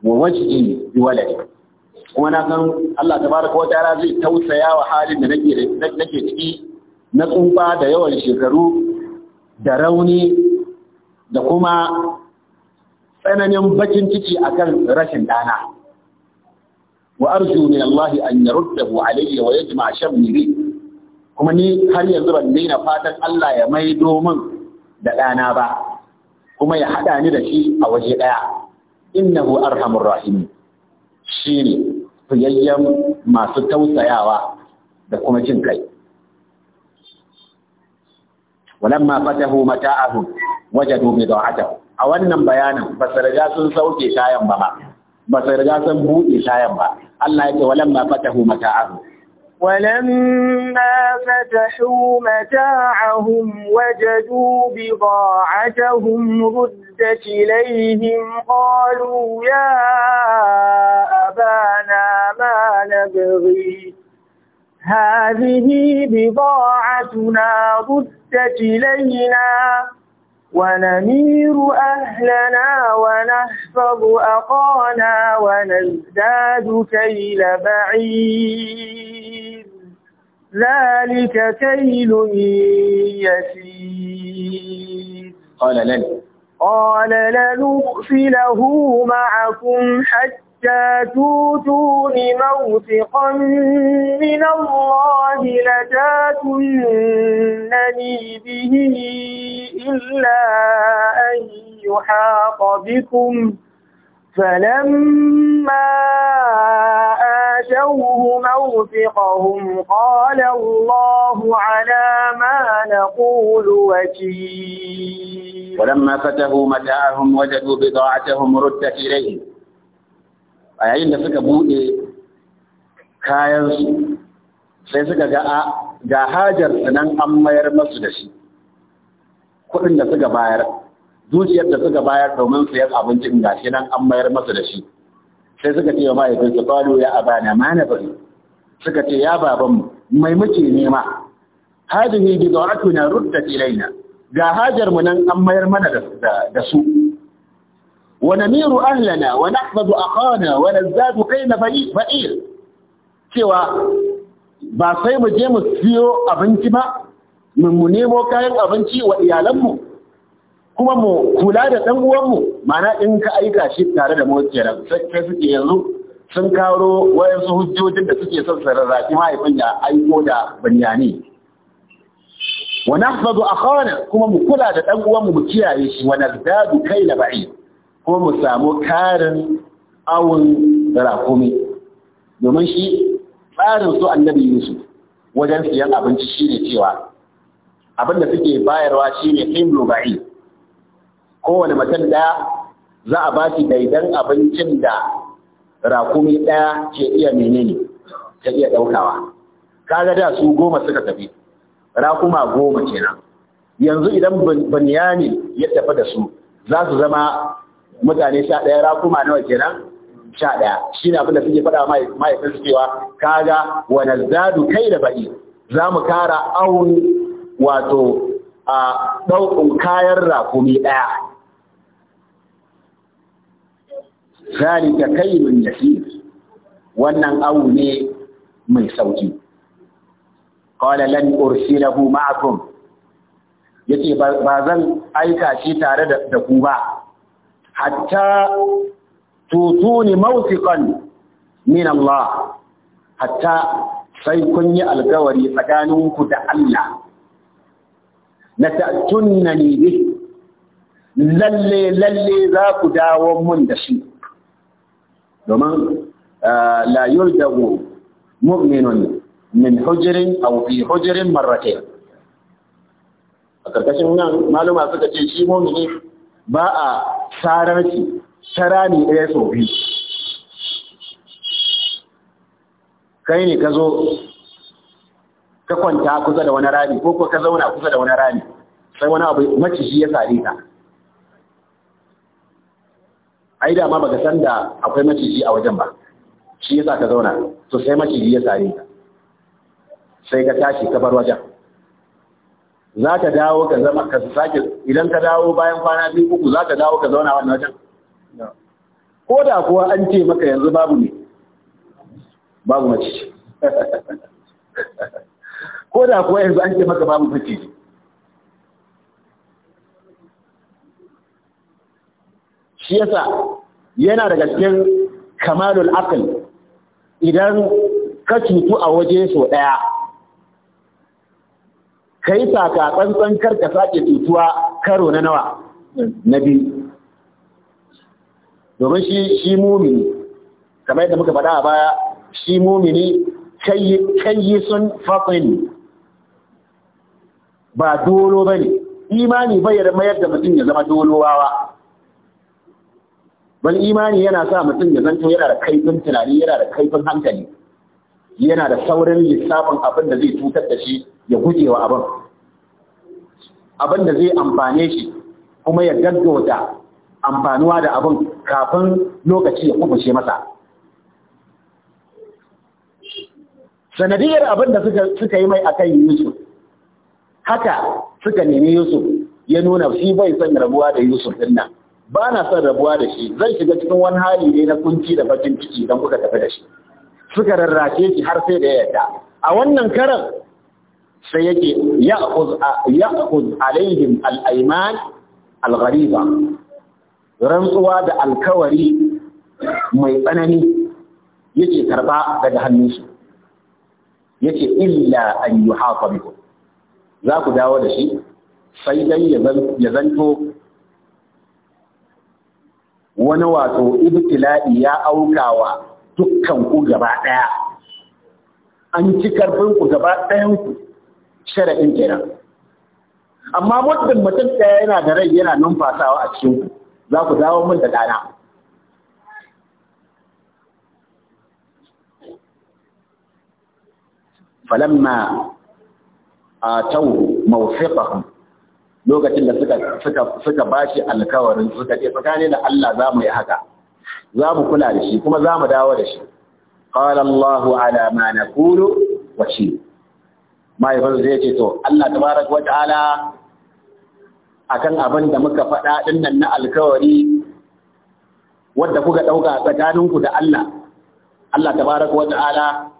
wa bi waladi kuma na san Allah tabaraka wa zai tausaya wa halin da nake nake ciki na tsufa da yawan shekaru da rauni da kuma tsananin bakin ciki akan rashin dana wa arju min Allah an yaruddahu alayya wa yajma shamni bi kuma ni har yanzu ban daina fatan Allah ya maido min da dana ba kuma ya hada ni da shi a waje daya innahu arhamur rahim shine fiyayyen masu tausayawa da kuma jin kai walamma fatahu mata'ahu wajadu bid'atahu a wannan bayanin ba su riga sun sauke kayan ba ba su riga sun buɗe kayan ba Allah yake walamma fatahu mata'ahu ولما فتحوا متاعهم وجدوا بضاعتهم ردت إليهم قالوا يا أبانا ما نبغي هذه بضاعتنا ردت إلينا ونمير أهلنا ونحفظ أقانا ونزداد كيل بعيد ذلك كيل يسير قال لن قال لنرسله معكم حتى توتون موثقا من الله لتاتنني به إلا أن يحاط بكم فلما آتوه موثقهم قال الله على ما نقول وكيل ولما فتحوا متاعهم وجدوا بضاعتهم ردت إليهم أيين لفك بوئي kayansu sai suka ga ga hajar nan an mayar masu da shi kuɗin da suka bayar zuciyar da suka bayar domin sayan abincin shi nan an mayar masa da shi sai suka ce wa su kwalo ya abana ma na bari suka ce ya babanmu mai muke nema hadihi na rudda ilaina ga hajar mu nan an mayar mana da su wa namiru ahlana wa nahfazu akhana wa nazadu qayna fa'il cewa ba sai mu je mu siyo abinci ba mun mu nemo kayan abinci wa iyalanmu kuma mu kula da ɗan uwanmu mana in ka aika shi tare da mu sai suke yanzu sun karo wayansu hujjojin da suke son su mahaifin ya aiko da Wani wa nahfazu akhana kuma mu kula da dan uwanmu mu kiyaye shi wa kai kayla ba'i kuma mu samu karin awon rakumi domin shi tsarin su annabi Yusuf wajen siyan abinci shine cewa abinda suke bayarwa shine ne ba'i kowane mutum ɗaya za a ba shi daidan abincin da rakumi ɗaya ke iya menene ta iya ɗaukawa kaga da su goma suka tafi rakuma goma kenan yanzu idan bunyani ya tafi da su za su zama mutane sha ɗaya rakuma nawa kenan sha ɗaya shi ne abinda suke faɗa su cewa ga wani zadu kai da baɗi za mu kara awun wato a ɗaukun kayan rakumi ɗaya zalika kairun yasir wannan awu ne mai sauki qala lan ursilahu ma'akum yace ba zan aika shi tare da ku ba hatta tutuni mawthiqan min Allah hatta sai kun yi alkawari tsakaninku da Allah na ta'tunna ni bi lalle lalle za ku dawo mun da shi domin eh, la yuldagu mu'minun min hujirin aw fi hujirin marratayn a karkashin nan maluma suka ce shi mu'mini ba a sararci ta rami ɗaya kai ne ka zo ka kwanta kusa da wani rami ko ka zauna kusa da wani rami sai wani abu maciji ya sare ka ai da ma baka san da akwai maciji a wajen ba shi yasa ka zauna to sai maciji ya sare ka sai ka tashi ka bar wajen za ka dawo ka zama ka sake idan ka dawo bayan kwana biyu uku za ka dawo ka zauna wannan wajen ko da kuwa an ce maka yanzu babu ne babu maciji ko da kuwa yanzu an ce maka babu maciji shi yasa yana da gaske kamalul aql idan ka cutu a waje so daya kai saka tsantsan kar ka sake cutuwa karo na nawa na biyu domin shi shi mumini kamar yadda muka faɗa a baya shi mumini sun faƙini ba dolo ba ne imani bayar mayar da mutum ya zama dolowawa bal imani yana sa mutum ya zanto yana da kaifin tunani yana da kaifin hankali yana da saurin lissafin abin da zai cutar da shi ya guje wa abin abin da zai amfane shi kuma ya gaggauta amfanuwa da abin kafin lokaci ya kubushe masa sanadiyar abin da suka yi mai akan yusuf haka suka nemi yusuf ya nuna shi bai son rabuwa da yusuf din nan ba na son rabuwa da shi zan shiga cikin wani hali ne na kunci da bakin ciki don kuka tafi da shi suka rarrace shi har sai da yadda a wannan karan sai yake ya'khuz alaihim al-ayman al-ghariba rantsuwa da alkawari mai tsanani yake karba daga hannun shi yake illa an yuhafa bikum za ku dawo da shi sai dai ya zanto wani wato ibtila'i ya aukawa dukkan ku gaba daya an ci karfin ku gaba dayan ku shara'in kenan amma muddin mutum ɗaya yana da rai yana numfasawa a cikin ku za ku dawo min da dana falamma a tau mawfiqahum lokacin da suka bashi alkawarin suka ce tsakanin da Allah za mu yi haka za mu kula da shi kuma za mu dawo da shi qala alama na ma naqulu wakil zai ce to Allah tabaraka wa ta'ala akan abin da muka faɗa ɗinnan nan na alkawari wanda kuka ɗauka tsakaninku da Allah Allah tabaraka wa ta'ala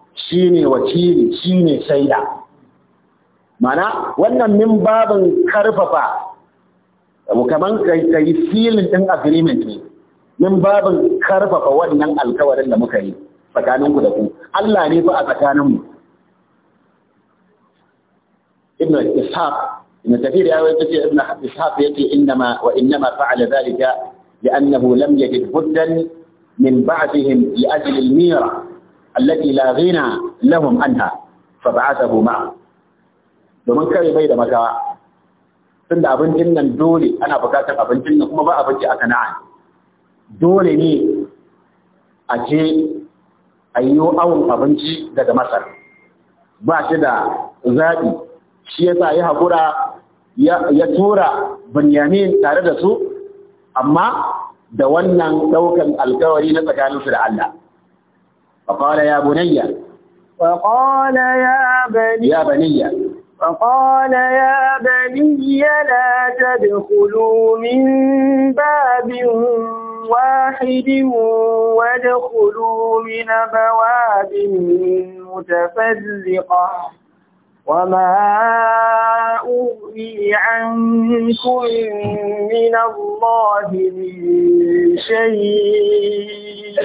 ne wakili shine shaida mana wannan min babin karfafa kaman kai kai filin ɗin agreement ne min babin karfafa wannan alkawarin da muka yi tsakaninku da ku Allah ne fa a tsakaninmu ibn ishaq ibn kathir ya wata ce ibn ishaq yace innama wa innama fa'ala dhalika li'annahu lam yajid buddan min ba'dihim li ajli al-mira allati la ghina lahum domin kare bai da makawa tunda abincin nan dole ana bukatar abincin nan kuma ba abinci a sana'a dole ne a ce a yi awon abinci daga masar ba shi da zaɓi shi ya sa ya haƙura ya tura Bunyamin tare da su amma da wannan ɗaukan alkawari na tsakaninsu da Allah. Faƙawar ya bunayya. Faƙawar ya baniya. فقال يا بني لا تدخلوا من باب واحد وادخلوا من بواب متفرقة وما أغني عنكم من الله من شيء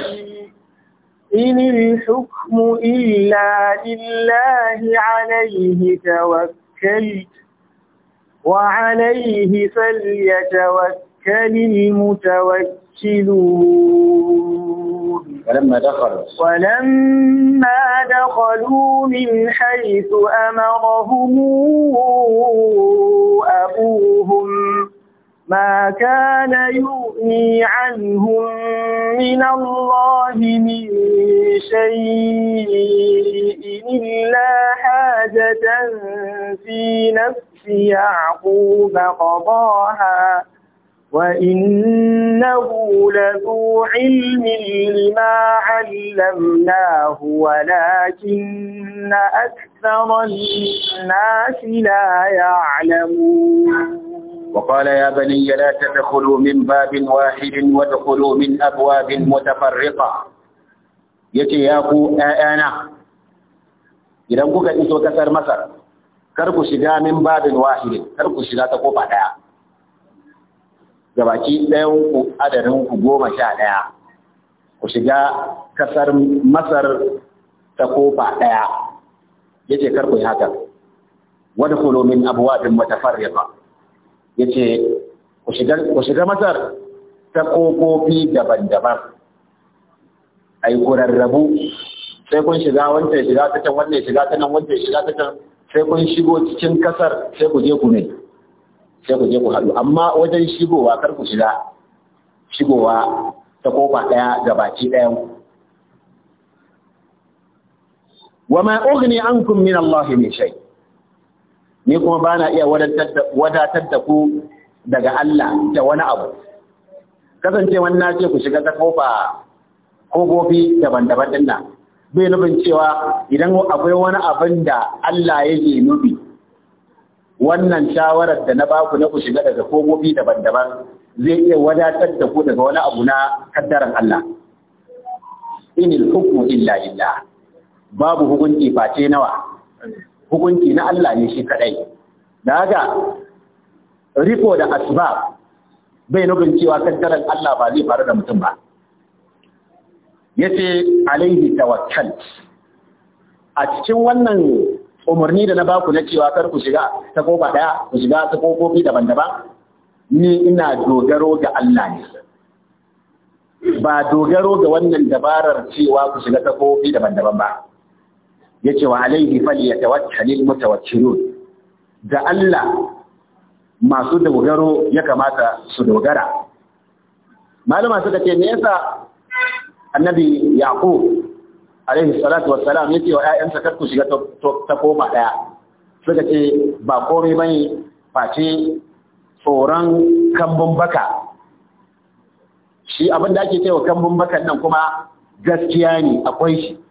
إن الحكم إلا لله عليه توكلت وعليه فليتوكل المتوكلون ولما دخلوا ولما دخلوا من حيث أمرهم أبوهم ما كان يؤني عنهم من الله من شيء إلا حاجة في نفس يعقوب قضاها وإنه لذو علم لما علمناه ولكن أكثر الناس لا يعلمون وقال يا بني لا تدخلوا من باب واحد وادخلوا من أبواب متفرقة yace ya ku ‘ya'yana idan kuka iso ƙasar Masar, kar ku shiga min babin wahidin, kar ku shiga ta kofa ɗaya, gabaki ku adadin goma sha ɗaya, ku shiga ƙasar Masar ta kofa ɗaya, yace kar ku yi haka, wadda kulomin abuwa ɗin matafarrifa. ya ce ku shiga masar ta kofofi daban-daban a yi kurarrabu sai kun shiga wancan shiga ta can wannan shiga ta nan wancan shiga ta can sai kun shigo cikin kasar sai ku je ku ne sai ku je ku haɗu amma wajen shigowa kar ku shiga shigowa ta kofa ɗaya gabaci ɗaya. wa ma ughni ankum min Allah min shay ni kuma ba na iya wadatar da ku daga Allah da wani abu kasancewan na ce ku shiga ta kofa kofofi daban-daban din nan bai nufin cewa idan akwai wani abin da Allah yake nufi wannan shawarar da na baku na ku shiga daga kogobi daban-daban zai iya wadatar da ku daga wani abu na kaddaran Allah. Inil hukmu illa illa babu hukunci face nawa hukunci na Allah ne shi kadai da haka riko da asba bai nufin cewa kaddaran Allah ba zai faru da mutum ba yace alaihi tawakkal a cikin wannan umarni da na baku na cewa kar ku shiga ta kofa daya ku shiga ta kofofi daban-daban ni ina dogaro ga Allah ne ba dogaro ga wannan dabarar cewa ku shiga ta kofofi daban-daban ba Ya yace wa alaihi falyatawakkalul mutawakkilun da Allah masu dogaro ya kamata su dogara malama suka ce me yasa annabi yaqub alaihi salatu wassalam yace wa ƴaƴansa kar ku shiga ta koma daya suka ce ba komai bane face tsoron kambun baka shi abin da ake cewa kambun bakan nan kuma gaskiya ne akwai shi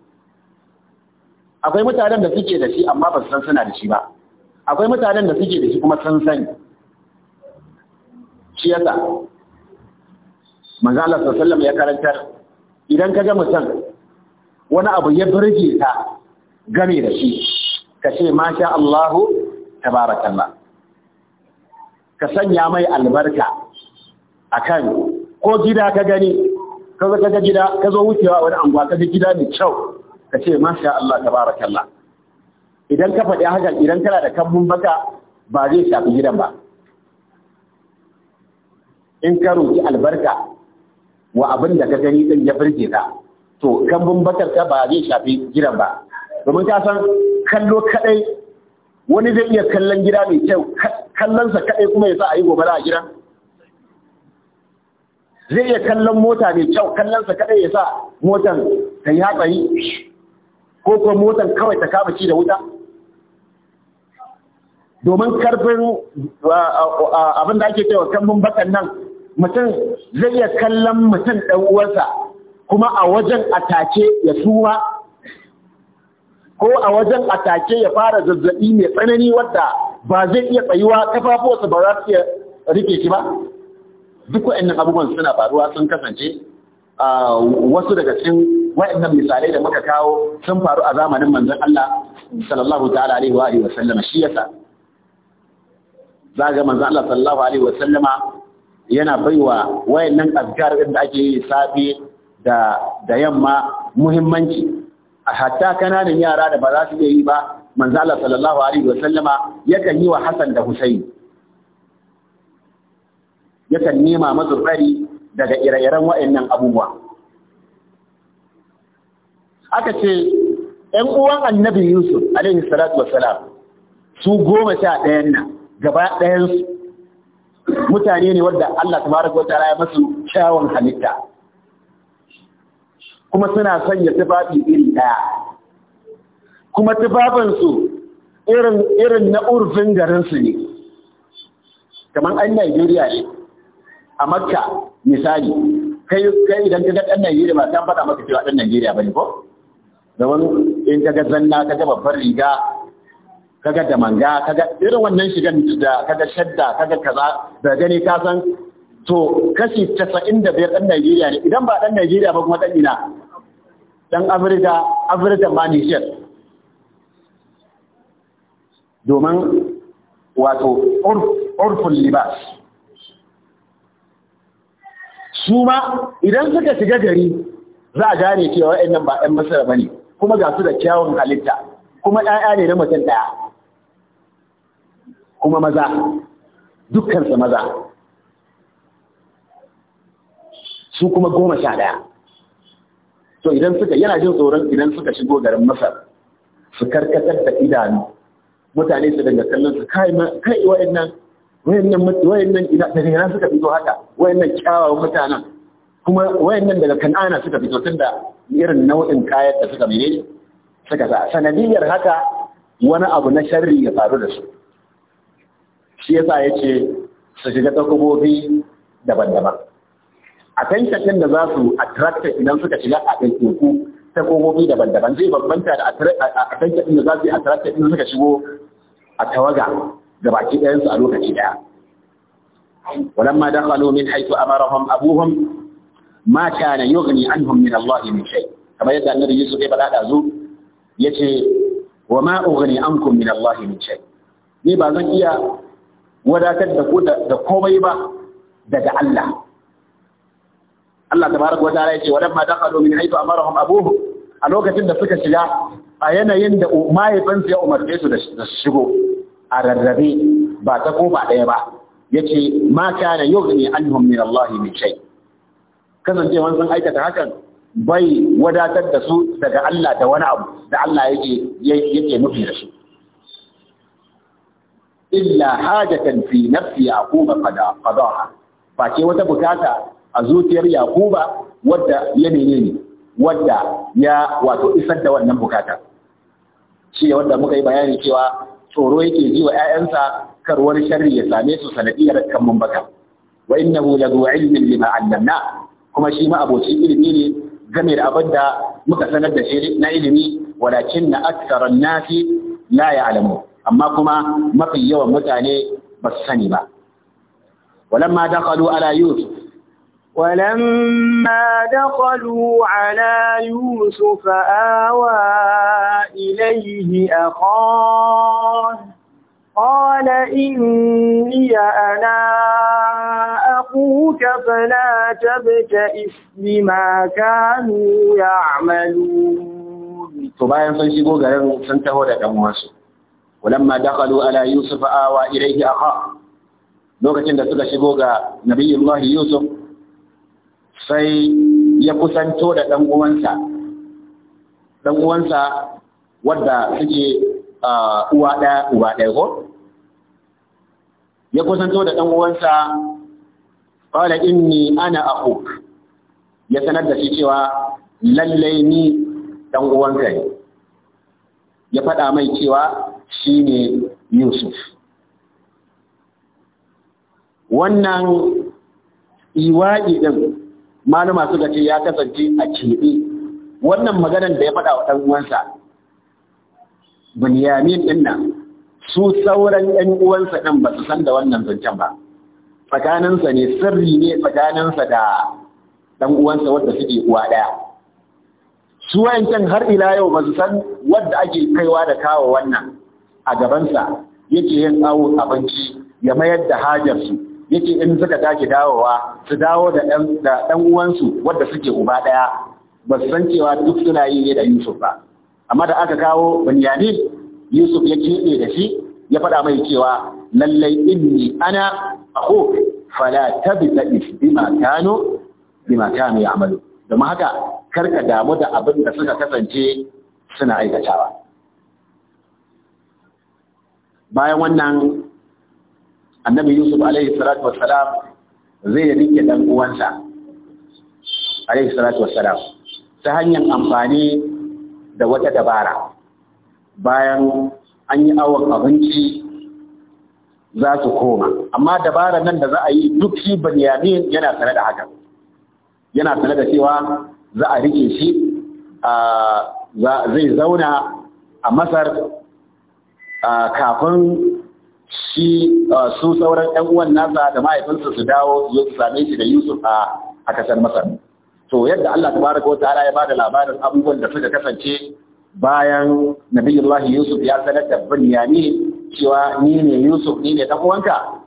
akwai mutanen da suke da shi amma ba su san suna da shi ba akwai mutanen da suke da shi kuma san sani shi yasa manzo Allah sallallahu ya karantar idan ka ga mutum wani abu ya burge ka game da shi ka ce masha Allah tabarakallah ka sanya mai albarka akan ko gida ka gani ka zo ka gida ka zo wucewa wani anguwa ka ga gida mai kyau ka ce masha Allah tabarakallah idan ka faɗi hakan idan kana da kambun baka ba zai shafi gidan ba in ka roki albarka wa abin da ka gani din ya birge ka to kambun bakar ka ba zai shafi gidan ba domin ka san kallo kadai wani zai iya kallon gida mai kyau kallonsa kadai kuma ya sa a yi gobara a gidan zai iya kallon mota mai kyau kallonsa kadai ya sa motan ta yi hatsari ko kuma motar kawai ta kama shi da wuta domin karfin abinda ake cewa kambun bakan nan mutum zai iya kallon mutum ɗan uwarsa. kuma a wajen atake ya suma ko a wajen atake ya fara zazzabi mai tsanani wadda ba zai iya tsayuwa kafafuwarsa ba za su iya rike shi ba duk wa'annan abubuwan suna faruwa sun kasance wasu daga cikin wa'annan misalai da muka kawo sun faru a zamanin manzon Allah sallallahu ta'ala alaihi wa alihi wa sallama shi yasa zaga manzon Allah sallallahu alaihi wa sallama yana baiwa wayannan azkar din da ake yi safi da da yamma muhimmanci a hatta kananan yara da ba za su iya yi ba manzon Allah sallallahu alaihi wa sallama yakan yi wa Hassan da Husaini yakan nema masu tsari daga ire-iren wayannan abubuwa aka ce ‘yan uwan annabi Yusuf alaihi salatu salam su goma sha ɗayan nan gaba ɗayansu mutane ne wadda Allah tabaraka wa ta'ala ya masu kyawun halitta kuma suna sanya tufafi iri ɗaya kuma tufafinsu irin irin na urfin garinsu ne kamar an Najeriya ne a Makka misali kai idan ka ga ɗan Najeriya ba ta faɗa maka cewa ɗan Najeriya ne ko domin in kaga zanna kaga babbar riga kaga da manga kaga irin wannan shigan da kaga shadda kaga kaza da gani ka san to kashi 95 dan Najeriya ne idan ba dan Najeriya ba kuma dan ina dan Afirka Afirka ma Niger domin wato urful libas su ma idan suka shiga gari za a gane cewa wa'annan ba 'yan masara ba ne kuma ga su da kyawun halitta kuma ɗaya ne na mutum ɗaya kuma maza dukkansa maza su kuma goma sha ɗaya to idan suka yana jin tsoron idan suka shigo garin masar su karkatar da idanu mutane su daga kallon su kai kai wayannan wayannan nan ina daga yana suka fito haka nan kyawawan mutanen kuma wayannan daga kan'ana suka fito tun da irin nau'in kayan da suka mene suka sa sanadiyar haka wani abu na sharri ya faru da su shi yasa ya ce su shiga tsakabobi daban-daban a shakin da za su attracta idan suka shiga a teku takobobi daban-daban zai bambanta da a shakin da za su yi attracta idan suka shigo a tawaga da baki ɗayansu a lokaci ɗaya. ولما دخلوا من حيث أمرهم أبوهم ma kana yughni anhum min Allah min shay kamar yadda annabi Yusuf ya faɗa dazu yace wa ma ughni ankum min Allah min shay ni ba zan iya wadatar da ku da komai ba daga Allah Allah tabaraka wa ta'ala yace wa lamma dakhalu min haythu amarahum abuhum a lokacin da suka shiga a yanayin da mahaifinsu ya umarce su da shigo a rarrabe ba ta kofa ɗaya ba yace ma kana yughni anhum min Allah min shay kasancewar sun aikata hakan bai wadatar da su daga Allah da wani abu da Allah yake yake nufi da su illa hajatan fi nafsi yaquba qada qadaha ba ce wata bukata a zuciyar yaquba wadda ya menene wadda ya wato isar da wannan bukata shi wanda muka yi bayani cewa tsoro yake ji wa ƴaƴansa wani sharri ya same su sanadiyar kan mun baka wa innahu la ilmin lima allamna kuma shi ma abokin ilimi ne game da abin da muka sanar da shi na ilimi walakin na aksaran nasi la ya alamu amma kuma mafi yawan mutane ba su sani ba walamma dakhalu ala yusuf ولما دخلوا على يوسف آوى إليه أخاه قال إني أنا أخوك فلا تبتئس بما كانوا يعملون فباين صنشيقو قالوا سنتهو لك أمواسو ولما دخلوا على يوسف آوى إليه أخاه لوكتين دا سكا شيقو نبي الله يوسف sai ya kusanto da ɗan uwansa ɗan uwansa wadda suke uwa ɗaya uwa ɗaya ko ya kusanto da ɗan uwansa qala inni ana akhuk ya sanar da shi cewa lallai ni dan uwanka ne ya faɗa mai cewa ne Yusuf wannan iwaɗi ɗin malama suka ce ya kasance a keɓe wannan maganar da ya faɗa wa uwansa bunyamin ɗin nan su sauran uwansa ɗin ba su san da wannan zancen ba tsakaninsa ne sirri ne tsakaninsa da ɗan uwansa wanda suke uwa ɗaya su wayancan har ila yau ba su san wanda ake kaiwa da kawo wannan a gabansa yake yin awo abinci ya mayar da hajarsu yake in suka tashi dawowa su dawo da ɗan uwansu wadda suke uba ɗaya ba su san cewa duk suna yi ne da Yusuf ba amma da aka kawo bunyani Yusuf ya keɓe da shi ya faɗa mai cewa lallai inni ana akhu fala tabta bima kanu bima kanu ya'malu domin haka karka damu da abin da suka kasance suna aikatawa bayan wannan annabi yusuf alaihi salatu wassalam zai rike dan uwansa alaihi salatu wassalam ta hanyar amfani da wata dabara bayan an yi awon abinci za su koma amma dabara nan da za a yi duk shi banyamin yana tsare da haka yana tsare da cewa za a rike shi zai zauna a masar kafin shi su sauran ɗan uwan nasa da mahaifinsa su dawo su same shi da yusuf a kasar masar to yadda allah tabaraka wa ta'ala ya bada labarin abubuwan da suka kasance bayan nabiyullahi yusuf ya sanar da binyamin cewa ni ne Yusuf ni ne dan uwanka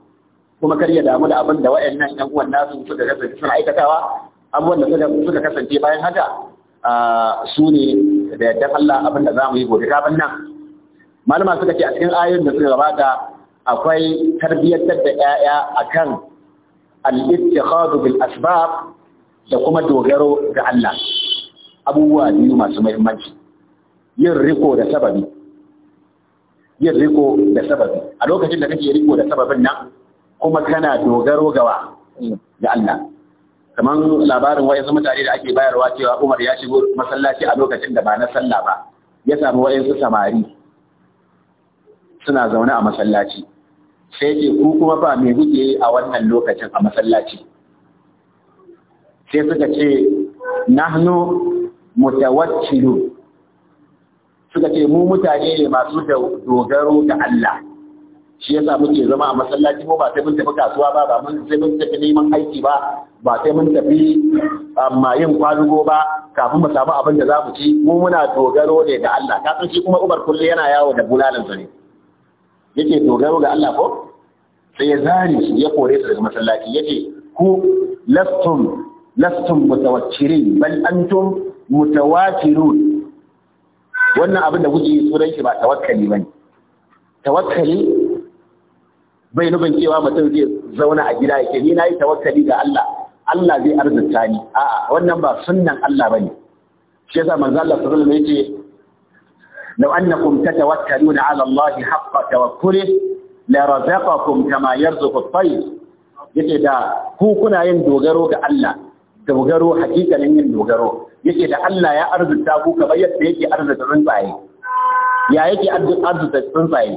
kuma karya da damu da abin da wayannan ɗan uwan nasu suka kasance suna aikatawa abubuwan da suka kasance bayan haka su ne da yadda Allah abin da zamu yi gobe kafin nan malama suka ce a cikin ayoyin da suka gabata akwai tarbiyyantar da 'ya'ya akan al-ittikhadu bil asbab da kuma dogaro ga Allah abubuwa biyu masu muhimmanci yin riko da sababi yin riko da sababi a lokacin da kake riko da sababin nan kuma kana dogaro gawa ga Allah kamar labarin wa'yansu mutane da ake bayarwa cewa Umar ya shigo masallaci a lokacin da ba na sallah ba ya samu wa'yansu samari suna zaune a masallaci sai ce ku kuma ba me kuke a wannan lokacin a masallaci sai suka ce nahnu mutawakkilu suka ce mu mutane ne masu dogaro da Allah shi ya yasa muke zama a masallaci mu ba sai mun tafi kasuwa ba ba mun sai mun tafi neman aiki ba ba sai mun tafi amma um, yin kwalugo ba kafin mu samu abin da za mu ci mu muna dogaro ne da Allah ka san shi kuma Umar kullu yana yawo da bulalan sa ne yake dogaro ga Allah ko sai ya zari ya kore su daga masallaci yace ku lastum lastum mutawakkirin bal antum mutawakirun wannan abin da kuke yi shi ba tawakkali bane tawakkali bai nufin cewa mutum zai zauna a gida yake ni nayi tawakkali ga Allah Allah zai arzuta ni a'a wannan ba sunnan Allah bane shi yasa manzo Allah sallallahu alaihi wasallam yace law annakum tatawakkaluna ala Allah haqqa tawakkulih la razaqakum kama yarzuqu at-tayr yace da ku kuna yin dogaro ga Allah dogaro hakikanin yin dogaro yake da Allah ya arzuta ku kamar yadda yake arzuta tsuntsaye ya yake arzuta tsuntsaye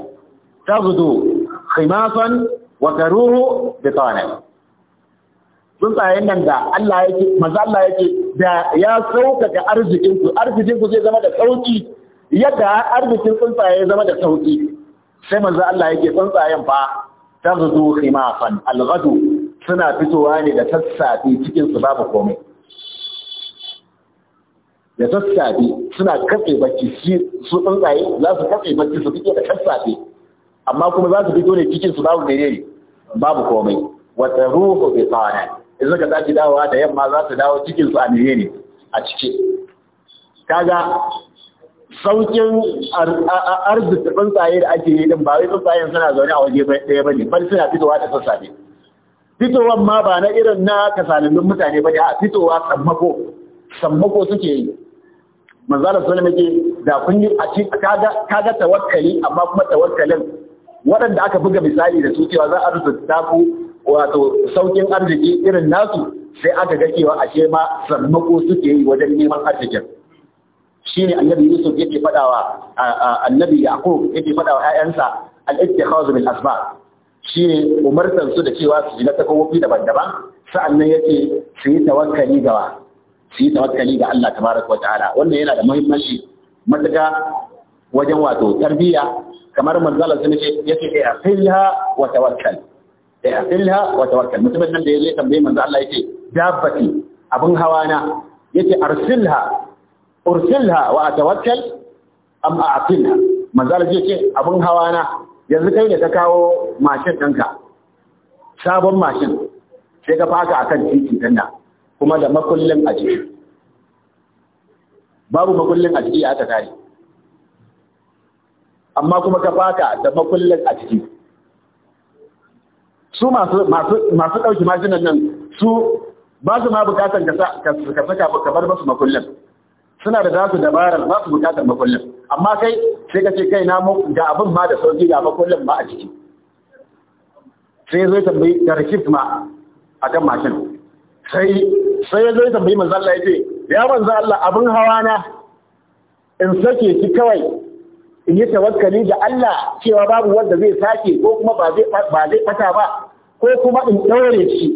tabudu khimasan wa taruhu bitana tsuntsayen nan da Allah yake maza Allah yake da ya sauƙaƙa arzikin ku arzikin ku zai zama da sauƙi yadda arzikin tsuntsaye zama da sauƙi sai maza Allah yake tsuntsayen fa ta tabudu khimasan alghadu suna fitowa ne da sassafe cikinsu babu komai da sassafe suna katse bacci su tsuntsaye za su katse bacci su fito da sassafe amma kuma za su fito ne cikin su babu menene babu komai wata ruhu bai tsawana in suka tashi dawowa da yamma za su dawo cikin su a menene a cike kaga saukin arziki tsuntsaye da ake yi din ba wai tsuntsayen suna zaune a waje ɗaya bane bal suna fitowa da sassafe fitowar ma ba na irin na kasanannun mutane ba ne a fitowa sammako sammako suke yi manzalar sunan mace da kun yi a ci kaga tawakkali amma kuma tawakkalin waɗanda aka buga misali da su cewa za a rubuta ku wato saukin arziki irin nasu sai aka ga cewa ashe ma sammako suke yi wajen neman arzikin shine annabi Yusuf yake fadawa annabi Yaqub yake faɗawa 'ya'yansa al-ittikhaz bil asbab shi ne umartar su da cewa su ji na takobi daban-daban sa'annan yake su yi tawakkali ga su yi tawakkali ga Allah tabaraka ta'ala wannan yana da muhimmanci matuka wajen wato tarbiyya kamar manzala sun ce yake filha wa tawakkal filha wa tawakkal mutumin nan da ya zai tambaye manzo Allah yake dabbati abin hawa na yake arsilha ursilha wa tawakkal am a'tilha manzala zai yake abin hawa na yanzu kai ne ka kawo mashin ɗanka sabon mashin sai ka faka a kan titi ɗin kuma da makullin a ciki babu makullin a ciki aka kare amma kuma ka faka da makullin a ciki su masu ɗauki mashinan nan su ba su ma bukatar ka saka ka bar masu makullin suna da zasu dabarar ba su bukatar makullin amma kai sai ka ce kai na ga abin ma da sauki ga makullin ma a ciki sai zai tambayi da rikif ma a kan mashin sai ya zai tambayi manzo Allah ya ce ya manzo Allah abin hawa na in sake ki kawai in yi tawakkali da Allah cewa babu wanda zai sake ko kuma ba zai ba ba ko kuma in daure shi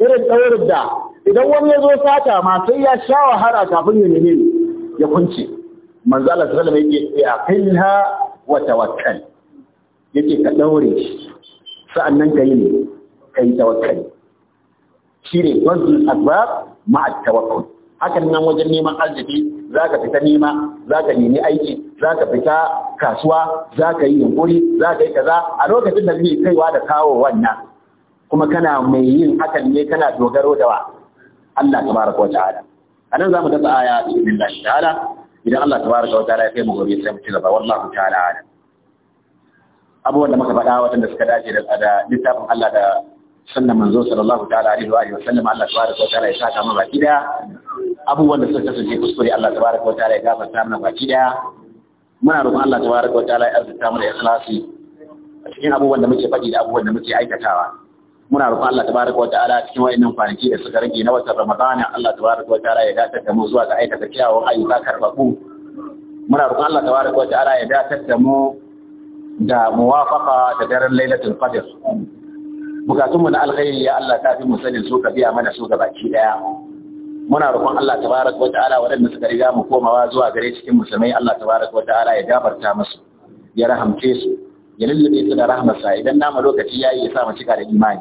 irin daurin da idan wani ya zo sata ma sai ya sha wahala kafin ya nemi ya kunce manzo Allah sallallahu alaihi wasallam yake ya ha wa tawakkal yake ka daure shi sa'annan ka yi ne ka yi tawakkali shi ne wasu asbab ma'a tawakkul hakan nan wajen neman arziki za ka fita nema za ka nemi aiki za ka fita kasuwa za ka yi yunkuri za ka yi kaza a lokacin da zai kaiwa da kawo wannan kuma kana mai yin hakan ne kana dogaro da wa Allah ta tabaraka wa ta'ala a nan za mu dasa aya cikin lillahi ta'ala idan Allah ta tabaraka wa ta'ala ya kai mu gobe sai mu ci gaba wallahu ta'ala abubuwan da muka faɗa da suka dace da littafin Allah da sannan manzo sallallahu ta'ala alaihi wa alihi wasallam Allah tabaraka wa ta'ala ya saka mu baki da abubuwan da suka kasance kuskure Allah tabaraka wa ta'ala ya gafarta mana baki da muna roƙon Allah tabaraka wa ta'ala ya arzuta mu da ikhlasi a cikin abubuwan da muke faɗi da abubuwan da muke aikatawa muna roƙon Allah tabaraka wa ta'ala cikin wayannan kwanaki da suka rage na watan Ramadan Allah tabaraka wa ta'ala ya dace da mu zuwa ga aikata kyawawan ayyuka karbabu muna roƙon Allah tabaraka wa ta'ala ya dace da mu da muwafaka da daren lailatul qadr bukatunmu na alkhairi ya Allah ta fi mu sanin su ka biya mana su baki daya muna roƙon Allah tabaraka wa ta'ala waɗanda suka riga mu komawa zuwa gare cikin musulmai Allah tabaraka wa ta'ala ya gafarta musu ya rahamce su ya lullube su da rahmarsa idan nama lokaci yayi ya sa mu cika da imani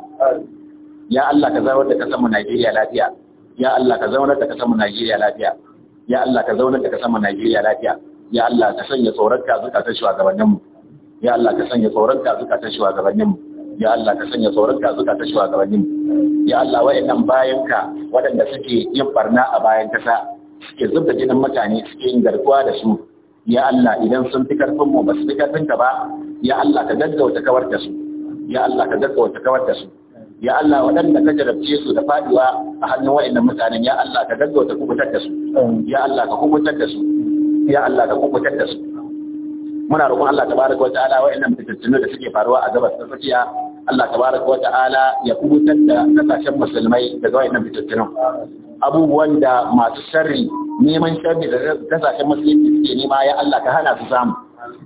ya Allah ka zaunar da kasar mu Najeriya lafiya ya Allah ka zaunar da kasar mu Najeriya lafiya ya Allah ka zaunar da kasar mu Najeriya lafiya ya Allah ka sanya tsoron ka zuka ta shugabannin mu ya Allah ka sanya tsoron ka zuka ta shugabannin mu ya Allah ka sanya tsoron ka zuka ta shugabannin mu ya Allah wayannan bayan ka waɗanda suke yin barna a bayan kasa suke zubda jinin mutane suke yin garkuwa da su ya Allah idan sun fi karfin mu ba su fi karfin ka ba ya Allah ka gaggauta kawar da su ya Allah ka gaggauta kawar da su ya Allah waɗanda ka jarabce su da faduwa a hannun waɗannan mutanen ya Allah ka gaggauta kubutar da su ya Allah ka kubutar da su ya Allah ka kubutar da su muna roƙon Allah tabaraka wa ta'ala wa'annan fitattunan da suke faruwa a gabas ta tsakiya Allah tabaraka wa ta'ala ya kubutar da kasashen musulmai daga wa'annan fitattunan. abubuwan da masu sharri neman sharri da kasashen musulmi suke nema ya Allah ka hana su samu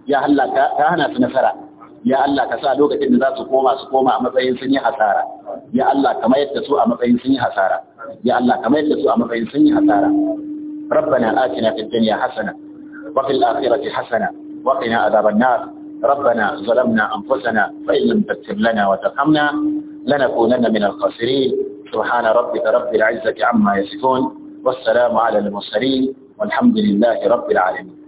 ya Allah ka hana su nasara ya Allah ka sa lokacin da za su koma su koma a matsayin sun yi hasara ya Allah ka mayar da su a matsayin sun yi hasara ya Allah ka mayar da su a matsayin sun yi hasara ربنا آتنا في الدنيا حسنة وفي الآخرة حسنة وقنا عذاب النار ربنا ظلمنا أنفسنا فإن لم تغفر لنا وترحمنا لنكونن من الخاسرين سبحان ربك رب العزة عما يصفون والسلام على المرسلين والحمد لله رب العالمين